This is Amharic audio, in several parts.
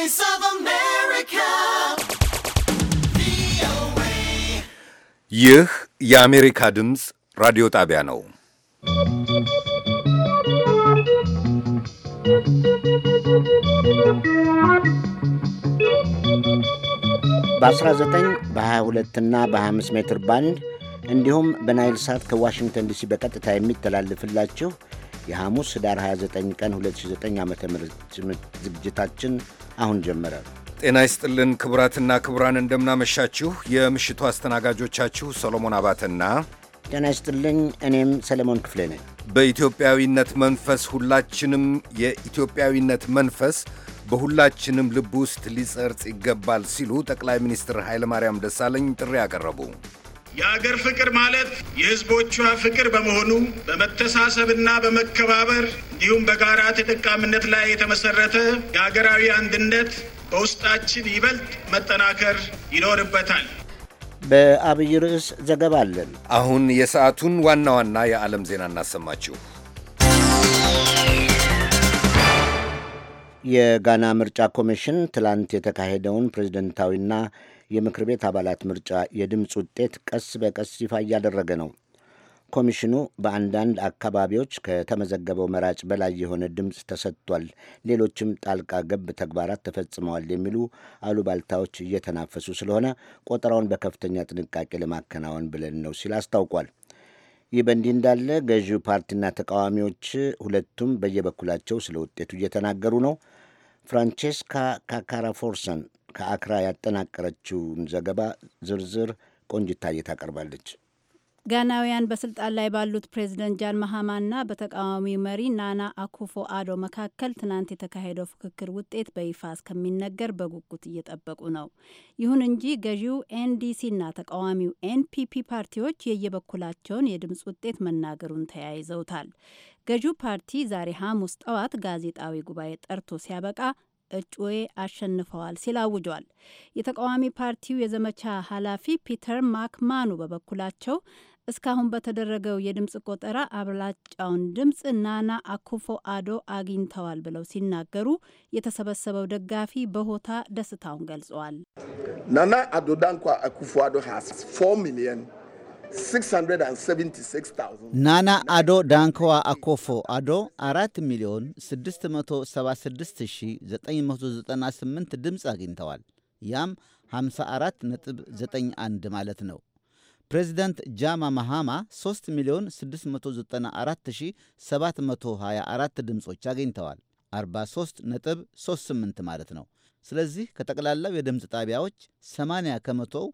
Voice of America. ይህ የአሜሪካ ድምፅ ራዲዮ ጣቢያ ነው። በ19 በ22 እና በ25 ሜትር ባንድ እንዲሁም በናይል ሳት ከዋሽንግተን ዲሲ በቀጥታ የሚተላልፍላችሁ የሐሙስ ኅዳር 29 ቀን 2009 ዓ ም ዝግጅታችን አሁን ጀመረ። ጤና ይስጥልን ክቡራትና ክቡራን፣ እንደምናመሻችሁ። የምሽቱ አስተናጋጆቻችሁ ሰሎሞን አባተና ጤና ይስጥልኝ። እኔም ሰለሞን ክፍሌ ነኝ። በኢትዮጵያዊነት መንፈስ ሁላችንም የኢትዮጵያዊነት መንፈስ በሁላችንም ልብ ውስጥ ሊጸርጽ ይገባል ሲሉ ጠቅላይ ሚኒስትር ኃይለማርያም ደሳለኝ ጥሪ አቀረቡ። የአገር ፍቅር ማለት የህዝቦቿ ፍቅር በመሆኑ በመተሳሰብና በመከባበር እንዲሁም በጋራ ተጠቃሚነት ላይ የተመሰረተ የሀገራዊ አንድነት በውስጣችን ይበልጥ መጠናከር ይኖርበታል። በአብይ ርዕስ ዘገባ አለን። አሁን የሰዓቱን ዋና ዋና የዓለም ዜና እናሰማችሁ። የጋና ምርጫ ኮሚሽን ትላንት የተካሄደውን ፕሬዝደንታዊና የምክር ቤት አባላት ምርጫ የድምፅ ውጤት ቀስ በቀስ ይፋ እያደረገ ነው። ኮሚሽኑ በአንዳንድ አካባቢዎች ከተመዘገበው መራጭ በላይ የሆነ ድምፅ ተሰጥቷል፣ ሌሎችም ጣልቃ ገብ ተግባራት ተፈጽመዋል የሚሉ አሉባልታዎች እየተናፈሱ ስለሆነ ቆጠራውን በከፍተኛ ጥንቃቄ ለማከናወን ብለን ነው ሲል አስታውቋል። ይህ በእንዲህ እንዳለ ገዢው ፓርቲና ተቃዋሚዎች ሁለቱም በየበኩላቸው ስለ ውጤቱ እየተናገሩ ነው። ፍራንቼስካ ካካራፎርሰን ከአክራ ያጠናቀረችውን ዘገባ ዝርዝር ቆንጅታዬ ታቀርባለች። ጋናውያን በስልጣን ላይ ባሉት ፕሬዚደንት ጃን መሃማና በተቃዋሚው መሪ ናና አኩፎ አዶ መካከል ትናንት የተካሄደው ፉክክር ውጤት በይፋ እስከሚነገር በጉጉት እየጠበቁ ነው። ይሁን እንጂ ገዢው ኤንዲሲና ተቃዋሚው ኤንፒፒ ፓርቲዎች የየበኩላቸውን የድምፅ ውጤት መናገሩን ተያይዘውታል። ገዢው ፓርቲ ዛሬ ሐሙስ ጠዋት ጋዜጣዊ ጉባኤ ጠርቶ ሲያበቃ እጩዌ አሸንፈዋል ሲል አውጇል። የተቃዋሚ ፓርቲው የዘመቻ ኃላፊ ፒተር ማክማኑ በበኩላቸው እስካሁን በተደረገው የድምፅ ቆጠራ አብላጫውን ድምፅ ናና አኩፎ አዶ አግኝተዋል ብለው ሲናገሩ የተሰበሰበው ደጋፊ በሆታ ደስታውን ገልጸዋል። ናና አዶ ዳንኳ አኩፎ አዶ ሃስ ፎር ሚሊየን 676,000 ናና አዶ ዳንክዋ አኮፎ አዶ 4 ሚሊዮን 676998 ድምፅ አግኝተዋል። ያም 54.91 ማለት ነው። ፕሬዚዳንት ጃማ ማሃማ 3 ሚሊዮን 694724 ድምፆች አግኝተዋል። 43 ነጥብ 38 ማለት ነው። ስለዚህ ከጠቅላላው የድምፅ ጣቢያዎች 80 ከመቶው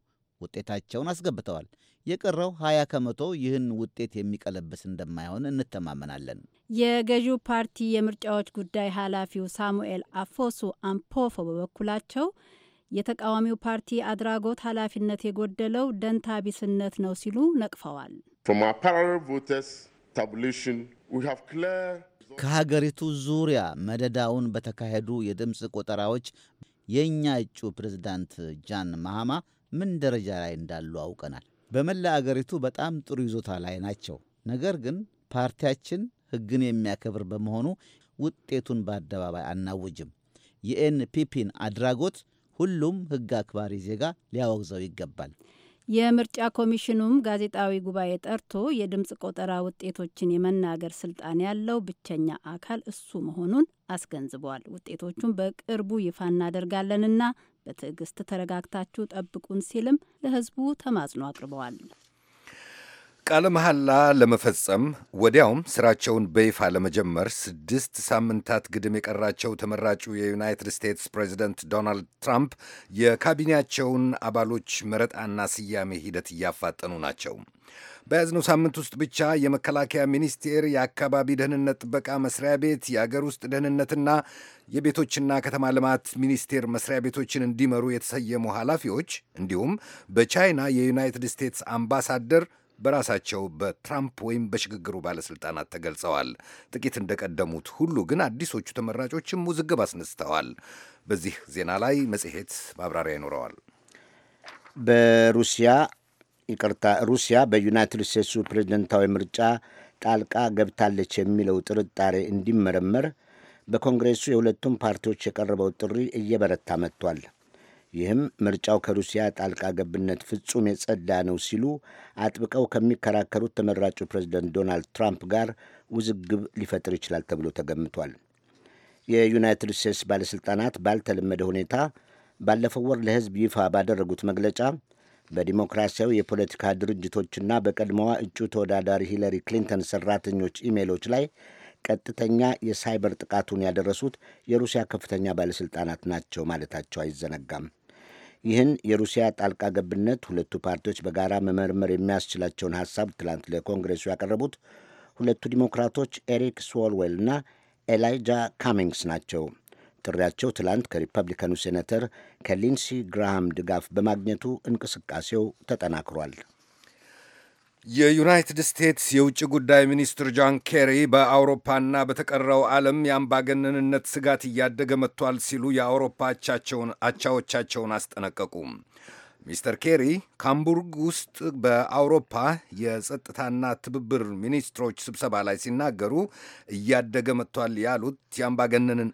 ውጤታቸውን አስገብተዋል። የቀረው 20 ከመቶ ይህን ውጤት የሚቀለብስ እንደማይሆን እንተማመናለን። የገዢው ፓርቲ የምርጫዎች ጉዳይ ኃላፊው ሳሙኤል አፎሱ አምፖፎ በበኩላቸው የተቃዋሚው ፓርቲ አድራጎት ኃላፊነት የጎደለው ደንታ ቢስነት ነው ሲሉ ነቅፈዋል። ከሀገሪቱ ዙሪያ መደዳውን በተካሄዱ የድምፅ ቆጠራዎች የእኛ እጩ ፕሬዝዳንት ጃን ማሃማ ምን ደረጃ ላይ እንዳሉ አውቀናል። በመላ አገሪቱ በጣም ጥሩ ይዞታ ላይ ናቸው። ነገር ግን ፓርቲያችን ሕግን የሚያከብር በመሆኑ ውጤቱን በአደባባይ አናውጅም። የኤንፒፒን አድራጎት ሁሉም ሕግ አክባሪ ዜጋ ሊያወግዘው ይገባል። የምርጫ ኮሚሽኑም ጋዜጣዊ ጉባኤ ጠርቶ የድምፅ ቆጠራ ውጤቶችን የመናገር ስልጣን ያለው ብቸኛ አካል እሱ መሆኑን አስገንዝቧል። ውጤቶቹን በቅርቡ ይፋ እናደርጋለንና በትዕግስት ተረጋግታችሁ ጠብቁን ሲልም ለህዝቡ ተማጽኖ አቅርበዋል። ቃለ መሐላ ለመፈጸም ወዲያውም ስራቸውን በይፋ ለመጀመር ስድስት ሳምንታት ግድም የቀራቸው ተመራጩ የዩናይትድ ስቴትስ ፕሬዚደንት ዶናልድ ትራምፕ የካቢኔያቸውን አባሎች መረጣና ስያሜ ሂደት እያፋጠኑ ናቸው። በያዝነው ሳምንት ውስጥ ብቻ የመከላከያ ሚኒስቴር፣ የአካባቢ ደህንነት ጥበቃ መስሪያ ቤት፣ የአገር ውስጥ ደህንነትና የቤቶችና ከተማ ልማት ሚኒስቴር መስሪያ ቤቶችን እንዲመሩ የተሰየሙ ኃላፊዎች እንዲሁም በቻይና የዩናይትድ ስቴትስ አምባሳደር በራሳቸው በትራምፕ ወይም በሽግግሩ ባለስልጣናት ተገልጸዋል። ጥቂት እንደቀደሙት ሁሉ ግን አዲሶቹ ተመራጮችም ውዝግብ አስነስተዋል። በዚህ ዜና ላይ መጽሔት ማብራሪያ ይኖረዋል። በሩሲያ ይቅርታ ሩሲያ በዩናይትድ ስቴትሱ ፕሬዝደንታዊ ምርጫ ጣልቃ ገብታለች የሚለው ጥርጣሬ እንዲመረመር በኮንግሬሱ የሁለቱም ፓርቲዎች የቀረበው ጥሪ እየበረታ መጥቷል። ይህም ምርጫው ከሩሲያ ጣልቃ ገብነት ፍጹም የጸዳ ነው ሲሉ አጥብቀው ከሚከራከሩት ተመራጩ ፕሬዝደንት ዶናልድ ትራምፕ ጋር ውዝግብ ሊፈጥር ይችላል ተብሎ ተገምቷል። የዩናይትድ ስቴትስ ባለሥልጣናት ባልተለመደ ሁኔታ ባለፈው ወር ለሕዝብ ይፋ ባደረጉት መግለጫ በዲሞክራሲያዊ የፖለቲካ ድርጅቶችና በቀድሞዋ እጩ ተወዳዳሪ ሂለሪ ክሊንተን ሰራተኞች ኢሜሎች ላይ ቀጥተኛ የሳይበር ጥቃቱን ያደረሱት የሩሲያ ከፍተኛ ባለሥልጣናት ናቸው ማለታቸው አይዘነጋም። ይህን የሩሲያ ጣልቃ ገብነት ሁለቱ ፓርቲዎች በጋራ መመርመር የሚያስችላቸውን ሐሳብ ትላንት ለኮንግሬሱ ያቀረቡት ሁለቱ ዲሞክራቶች ኤሪክ ስዎልዌል እና ኤላይጃ ካሚንግስ ናቸው። ጥሪያቸው ትላንት ከሪፐብሊካኑ ሴኔተር ከሊንሲ ግራሃም ድጋፍ በማግኘቱ እንቅስቃሴው ተጠናክሯል። የዩናይትድ ስቴትስ የውጭ ጉዳይ ሚኒስትር ጆን ኬሪ በአውሮፓና በተቀረው ዓለም የአምባገነንነት ስጋት እያደገ መጥቷል ሲሉ የአውሮፓ አቻዎቻቸውን አስጠነቀቁ። ሚስተር ኬሪ ካምቡርግ ውስጥ በአውሮፓ የጸጥታና ትብብር ሚኒስትሮች ስብሰባ ላይ ሲናገሩ እያደገ መጥቷል ያሉት የአምባገነንን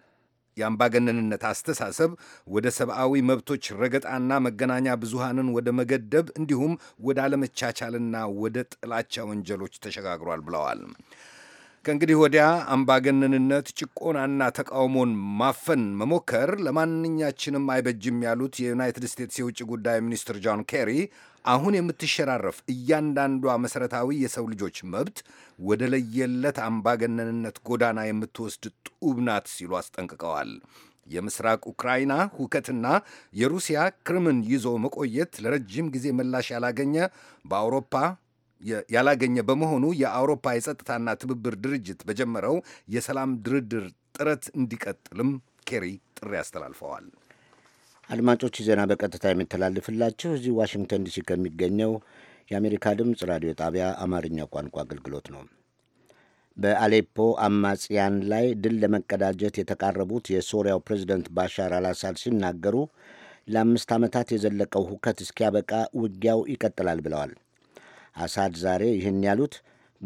የአምባገነንነት አስተሳሰብ ወደ ሰብአዊ መብቶች ረገጣና መገናኛ ብዙሃንን ወደ መገደብ እንዲሁም ወደ አለመቻቻልና ወደ ጥላቻ ወንጀሎች ተሸጋግሯል ብለዋል። ከእንግዲህ ወዲያ አምባገነንነት፣ ጭቆናና ተቃውሞን ማፈን መሞከር ለማንኛችንም አይበጅም ያሉት የዩናይትድ ስቴትስ የውጭ ጉዳይ ሚኒስትር ጆን ኬሪ አሁን የምትሸራረፍ እያንዳንዷ መሠረታዊ የሰው ልጆች መብት ወደ ለየለት አምባገነንነት ጎዳና የምትወስድ ጡብ ናት ሲሉ አስጠንቅቀዋል። የምስራቅ ኡክራይና ሁከትና የሩሲያ ክርምን ይዞ መቆየት ለረጅም ጊዜ ምላሽ ያላገኘ በአውሮፓ ያላገኘ በመሆኑ የአውሮፓ የጸጥታና ትብብር ድርጅት በጀመረው የሰላም ድርድር ጥረት እንዲቀጥልም ኬሪ ጥሪ አስተላልፈዋል። አድማጮች ዜና በቀጥታ የሚተላልፍላችሁ እዚህ ዋሽንግተን ዲሲ ከሚገኘው የአሜሪካ ድምፅ ራዲዮ ጣቢያ አማርኛ ቋንቋ አገልግሎት ነው። በአሌፖ አማጽያን ላይ ድል ለመቀዳጀት የተቃረቡት የሶሪያው ፕሬዚደንት ባሻር አልአሳድ ሲናገሩ ለአምስት ዓመታት የዘለቀው ሁከት እስኪያበቃ ውጊያው ይቀጥላል ብለዋል። አሳድ ዛሬ ይህን ያሉት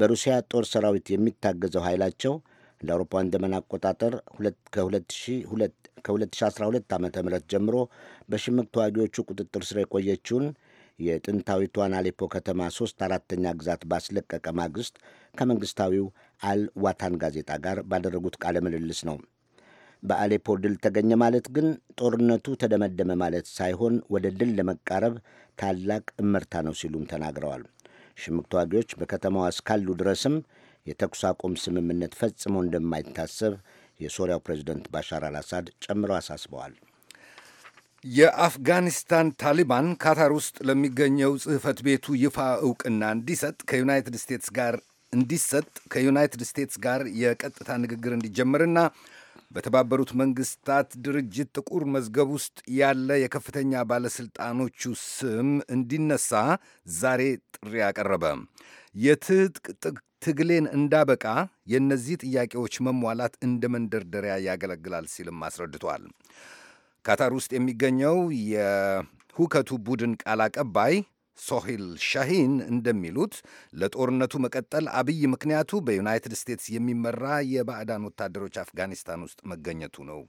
በሩሲያ ጦር ሰራዊት የሚታገዘው ኃይላቸው እንደ አውሮፓውያን ዘመን አቆጣጠር ከ2012 ዓ ም ጀምሮ በሽምቅ ተዋጊዎቹ ቁጥጥር ስር የቆየችውን የጥንታዊቷን አሌፖ ከተማ ሦስት አራተኛ ግዛት ባስለቀቀ ማግስት ከመንግሥታዊው አልዋታን ጋዜጣ ጋር ባደረጉት ቃለ ምልልስ ነው። በአሌፖ ድል ተገኘ ማለት ግን ጦርነቱ ተደመደመ ማለት ሳይሆን ወደ ድል ለመቃረብ ታላቅ እመርታ ነው ሲሉም ተናግረዋል። ሽምቅ ተዋጊዎች በከተማዋ እስካሉ ድረስም የተኩስ አቁም ስምምነት ፈጽሞ እንደማይታሰብ የሶሪያው ፕሬዚደንት ባሻር አልአሳድ ጨምረው አሳስበዋል። የአፍጋኒስታን ታሊባን ካታር ውስጥ ለሚገኘው ጽህፈት ቤቱ ይፋ እውቅና እንዲሰጥ ከዩናይትድ ስቴትስ ጋር እንዲሰጥ ከዩናይትድ ስቴትስ ጋር የቀጥታ ንግግር እንዲጀምርና በተባበሩት መንግስታት ድርጅት ጥቁር መዝገብ ውስጥ ያለ የከፍተኛ ባለሥልጣኖቹ ስም እንዲነሳ ዛሬ ጥሪ አቀረበ። የትጥቅ ትግሌን እንዳበቃ የእነዚህ ጥያቄዎች መሟላት እንደ መንደርደሪያ ያገለግላል ሲልም አስረድቷል። ካታር ውስጥ የሚገኘው የሁከቱ ቡድን ቃል አቀባይ ሶሂል ሻሂን እንደሚሉት ለጦርነቱ መቀጠል አብይ ምክንያቱ በዩናይትድ ስቴትስ የሚመራ የባዕዳን ወታደሮች አፍጋኒስታን ውስጥ መገኘቱ ነው።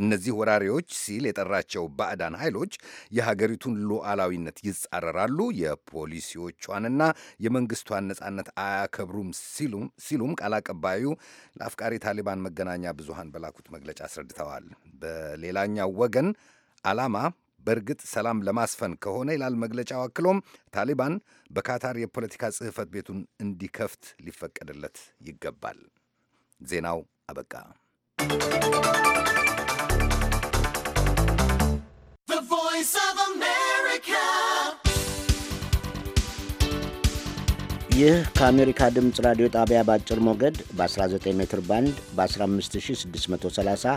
እነዚህ ወራሪዎች ሲል የጠራቸው ባዕዳን ኃይሎች የሀገሪቱን ሉዓላዊነት ይጻረራሉ፣ የፖሊሲዎቿንና የመንግስቷን ነጻነት አያከብሩም ሲሉም ቃል አቀባዩ ለአፍቃሪ ታሊባን መገናኛ ብዙሃን በላኩት መግለጫ አስረድተዋል። በሌላኛው ወገን ዓላማ በእርግጥ ሰላም ለማስፈን ከሆነ ይላል መግለጫው አክሎም ታሊባን በካታር የፖለቲካ ጽሕፈት ቤቱን እንዲከፍት ሊፈቀድለት ይገባል። ዜናው አበቃ። ይህ ከአሜሪካ ድምፅ ራዲዮ ጣቢያ በአጭር ሞገድ በ19 ሜትር ባንድ በ15630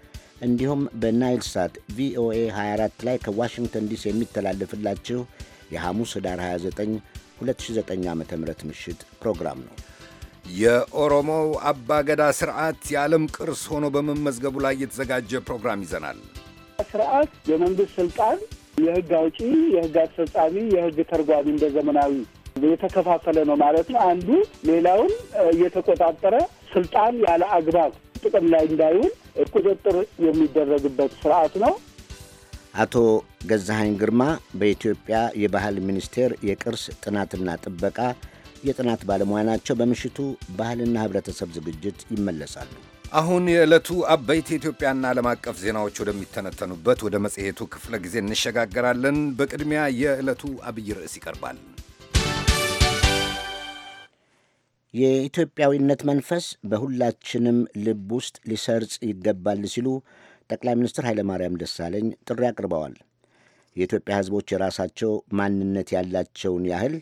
እንዲሁም በናይል ሳት ቪኦኤ 24 ላይ ከዋሽንግተን ዲሲ የሚተላለፍላችሁ የሐሙስ ህዳር 29 2009 ዓ ም ምሽት ፕሮግራም ነው። የኦሮሞው አባገዳ ስርዓት የዓለም ቅርስ ሆኖ በመመዝገቡ ላይ የተዘጋጀ ፕሮግራም ይዘናል። ስርዓት የመንግሥት ስልጣን የህግ አውጪ፣ የህግ አስፈጻሚ፣ የህግ ተርጓሚ እንደ ዘመናዊ የተከፋፈለ ነው ማለት ነው። አንዱ ሌላውን እየተቆጣጠረ ስልጣን ያለ አግባብ ጥቅም ላይ እንዳይውል ቁጥጥር የሚደረግበት ስርዓት ነው። አቶ ገዛሀኝ ግርማ በኢትዮጵያ የባህል ሚኒስቴር የቅርስ ጥናትና ጥበቃ የጥናት ባለሙያ ናቸው። በምሽቱ ባህልና ህብረተሰብ ዝግጅት ይመለሳሉ። አሁን የዕለቱ አበይት የኢትዮጵያና ዓለም አቀፍ ዜናዎች ወደሚተነተኑበት ወደ መጽሔቱ ክፍለ ጊዜ እንሸጋገራለን። በቅድሚያ የዕለቱ አብይ ርዕስ ይቀርባል። የኢትዮጵያዊነት መንፈስ በሁላችንም ልብ ውስጥ ሊሰርጽ ይገባል ሲሉ ጠቅላይ ሚኒስትር ኃይለማርያም ደሳለኝ ጥሪ አቅርበዋል። የኢትዮጵያ ሕዝቦች የራሳቸው ማንነት ያላቸውን ያህል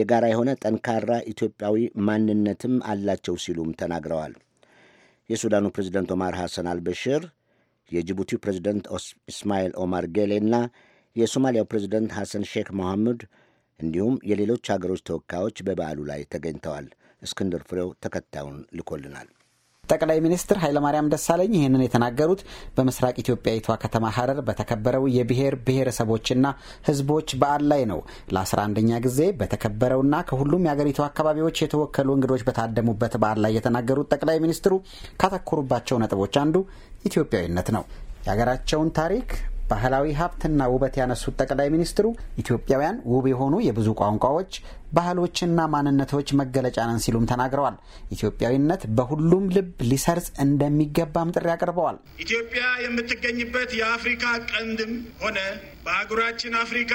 የጋራ የሆነ ጠንካራ ኢትዮጵያዊ ማንነትም አላቸው ሲሉም ተናግረዋል። የሱዳኑ ፕሬዚደንት ኦማር ሐሰን አልበሽር፣ የጅቡቲው ፕሬዚደንት እስማኤል ኦማር ጌሌ እና የሶማሊያው ፕሬዚደንት ሐሰን ሼክ መሐሙድ እንዲሁም የሌሎች አገሮች ተወካዮች በበዓሉ ላይ ተገኝተዋል። እስክንድር ፍሬው ተከታዩን ልኮልናል። ጠቅላይ ሚኒስትር ኃይለማርያም ደሳለኝ ይህንን የተናገሩት በምስራቅ ኢትዮጵያዊቷ ከተማ ሀረር በተከበረው የብሔር ብሔረሰቦችና ሕዝቦች በዓል ላይ ነው። ለ11ኛ ጊዜ በተከበረውና ከሁሉም የአገሪቱ አካባቢዎች የተወከሉ እንግዶች በታደሙበት በዓል ላይ የተናገሩት ጠቅላይ ሚኒስትሩ ካተኮሩባቸው ነጥቦች አንዱ ኢትዮጵያዊነት ነው። የሀገራቸውን ታሪክ ባህላዊ ሀብትና ውበት ያነሱት ጠቅላይ ሚኒስትሩ ኢትዮጵያውያን ውብ የሆኑ የብዙ ቋንቋዎች ባህሎችና ማንነቶች መገለጫ ነን ሲሉም ተናግረዋል። ኢትዮጵያዊነት በሁሉም ልብ ሊሰርጽ እንደሚገባም ጥሪ አቅርበዋል። ኢትዮጵያ የምትገኝበት የአፍሪካ ቀንድም ሆነ በአህጉራችን አፍሪካ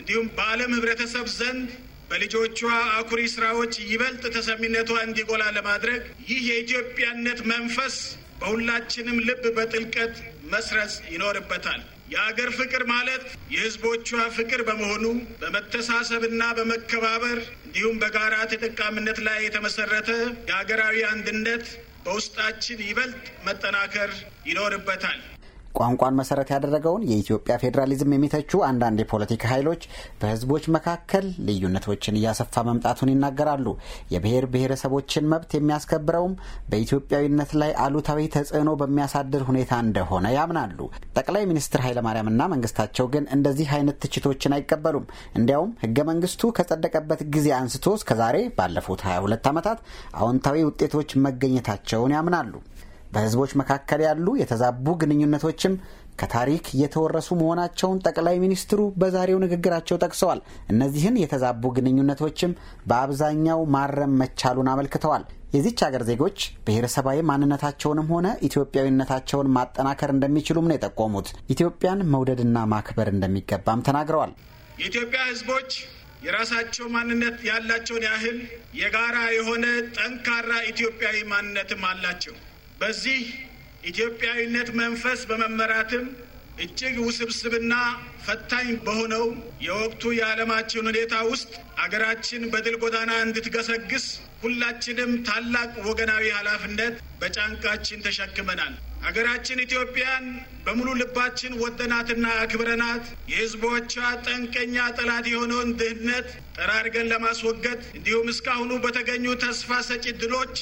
እንዲሁም በዓለም ህብረተሰብ ዘንድ በልጆቿ አኩሪ ስራዎች ይበልጥ ተሰሚነቷ እንዲጎላ ለማድረግ ይህ የኢትዮጵያነት መንፈስ በሁላችንም ልብ በጥልቀት መስረጽ ይኖርበታል። የአገር ፍቅር ማለት የህዝቦቿ ፍቅር በመሆኑ በመተሳሰብና በመከባበር እንዲሁም በጋራ ተጠቃሚነት ላይ የተመሰረተ የሀገራዊ አንድነት በውስጣችን ይበልጥ መጠናከር ይኖርበታል። ቋንቋን መሰረት ያደረገውን የኢትዮጵያ ፌዴራሊዝም የሚተቹ አንዳንድ የፖለቲካ ኃይሎች በህዝቦች መካከል ልዩነቶችን እያሰፋ መምጣቱን ይናገራሉ። የብሔር ብሔረሰቦችን መብት የሚያስከብረውም በኢትዮጵያዊነት ላይ አሉታዊ ተጽዕኖ በሚያሳድር ሁኔታ እንደሆነ ያምናሉ። ጠቅላይ ሚኒስትር ኃይለማርያምና መንግስታቸው ግን እንደዚህ አይነት ትችቶችን አይቀበሉም። እንዲያውም ህገ መንግስቱ ከጸደቀበት ጊዜ አንስቶ እስከዛሬ ባለፉት 22 ዓመታት አዎንታዊ ውጤቶች መገኘታቸውን ያምናሉ። በህዝቦች መካከል ያሉ የተዛቡ ግንኙነቶችም ከታሪክ የተወረሱ መሆናቸውን ጠቅላይ ሚኒስትሩ በዛሬው ንግግራቸው ጠቅሰዋል። እነዚህን የተዛቡ ግንኙነቶችም በአብዛኛው ማረም መቻሉን አመልክተዋል። የዚች ሀገር ዜጎች ብሔረሰባዊ ማንነታቸውንም ሆነ ኢትዮጵያዊነታቸውን ማጠናከር እንደሚችሉም ነው የጠቆሙት። ኢትዮጵያን መውደድና ማክበር እንደሚገባም ተናግረዋል። የኢትዮጵያ ህዝቦች የራሳቸው ማንነት ያላቸውን ያህል የጋራ የሆነ ጠንካራ ኢትዮጵያዊ ማንነትም አላቸው። በዚህ ኢትዮጵያዊነት መንፈስ በመመራትም እጅግ ውስብስብና ፈታኝ በሆነው የወቅቱ የዓለማችን ሁኔታ ውስጥ አገራችን በድል ጎዳና እንድትገሰግስ ሁላችንም ታላቅ ወገናዊ ኃላፊነት በጫንቃችን ተሸክመናል። አገራችን ኢትዮጵያን በሙሉ ልባችን ወደናትና አክብረናት የሕዝቦቿ ጠንቀኛ ጠላት የሆነውን ድህነት ጠራርገን ለማስወገድ እንዲሁም እስካሁኑ በተገኙ ተስፋ ሰጪ ድሎች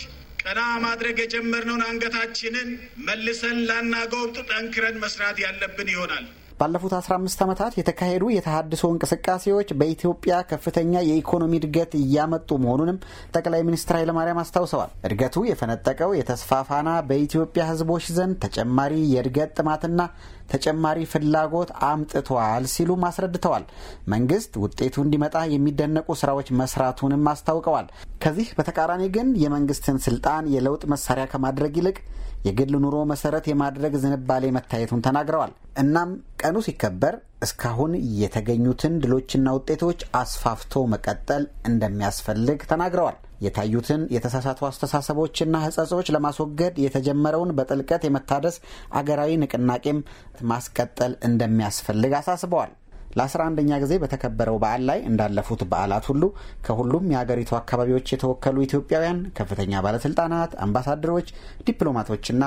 ቀና ማድረግ የጀመርነውን አንገታችንን መልሰን ላናጎብጥ ጠንክረን መስራት ያለብን ይሆናል። ባለፉት 15 ዓመታት የተካሄዱ የተሃድሶ እንቅስቃሴዎች በኢትዮጵያ ከፍተኛ የኢኮኖሚ እድገት እያመጡ መሆኑንም ጠቅላይ ሚኒስትር ኃይለማርያም አስታውሰዋል። እድገቱ የፈነጠቀው የተስፋፋና በኢትዮጵያ ሕዝቦች ዘንድ ተጨማሪ የእድገት ጥማትና ተጨማሪ ፍላጎት አምጥቷል ሲሉም አስረድተዋል። መንግስት ውጤቱ እንዲመጣ የሚደነቁ ስራዎች መስራቱንም አስታውቀዋል። ከዚህ በተቃራኒ ግን የመንግስትን ስልጣን የለውጥ መሳሪያ ከማድረግ ይልቅ የግል ኑሮ መሰረት የማድረግ ዝንባሌ መታየቱን ተናግረዋል። እናም ቀኑ ሲከበር እስካሁን የተገኙትን ድሎችና ውጤቶች አስፋፍቶ መቀጠል እንደሚያስፈልግ ተናግረዋል። የታዩትን የተሳሳቱ አስተሳሰቦችና ሕጸጾች ለማስወገድ የተጀመረውን በጥልቀት የመታደስ አገራዊ ንቅናቄም ማስቀጠል እንደሚያስፈልግ አሳስበዋል። ለ11ኛ ጊዜ በተከበረው በዓል ላይ እንዳለፉት በዓላት ሁሉ ከሁሉም የሀገሪቱ አካባቢዎች የተወከሉ ኢትዮጵያውያን ከፍተኛ ባለስልጣናት፣ አምባሳደሮች፣ ዲፕሎማቶችና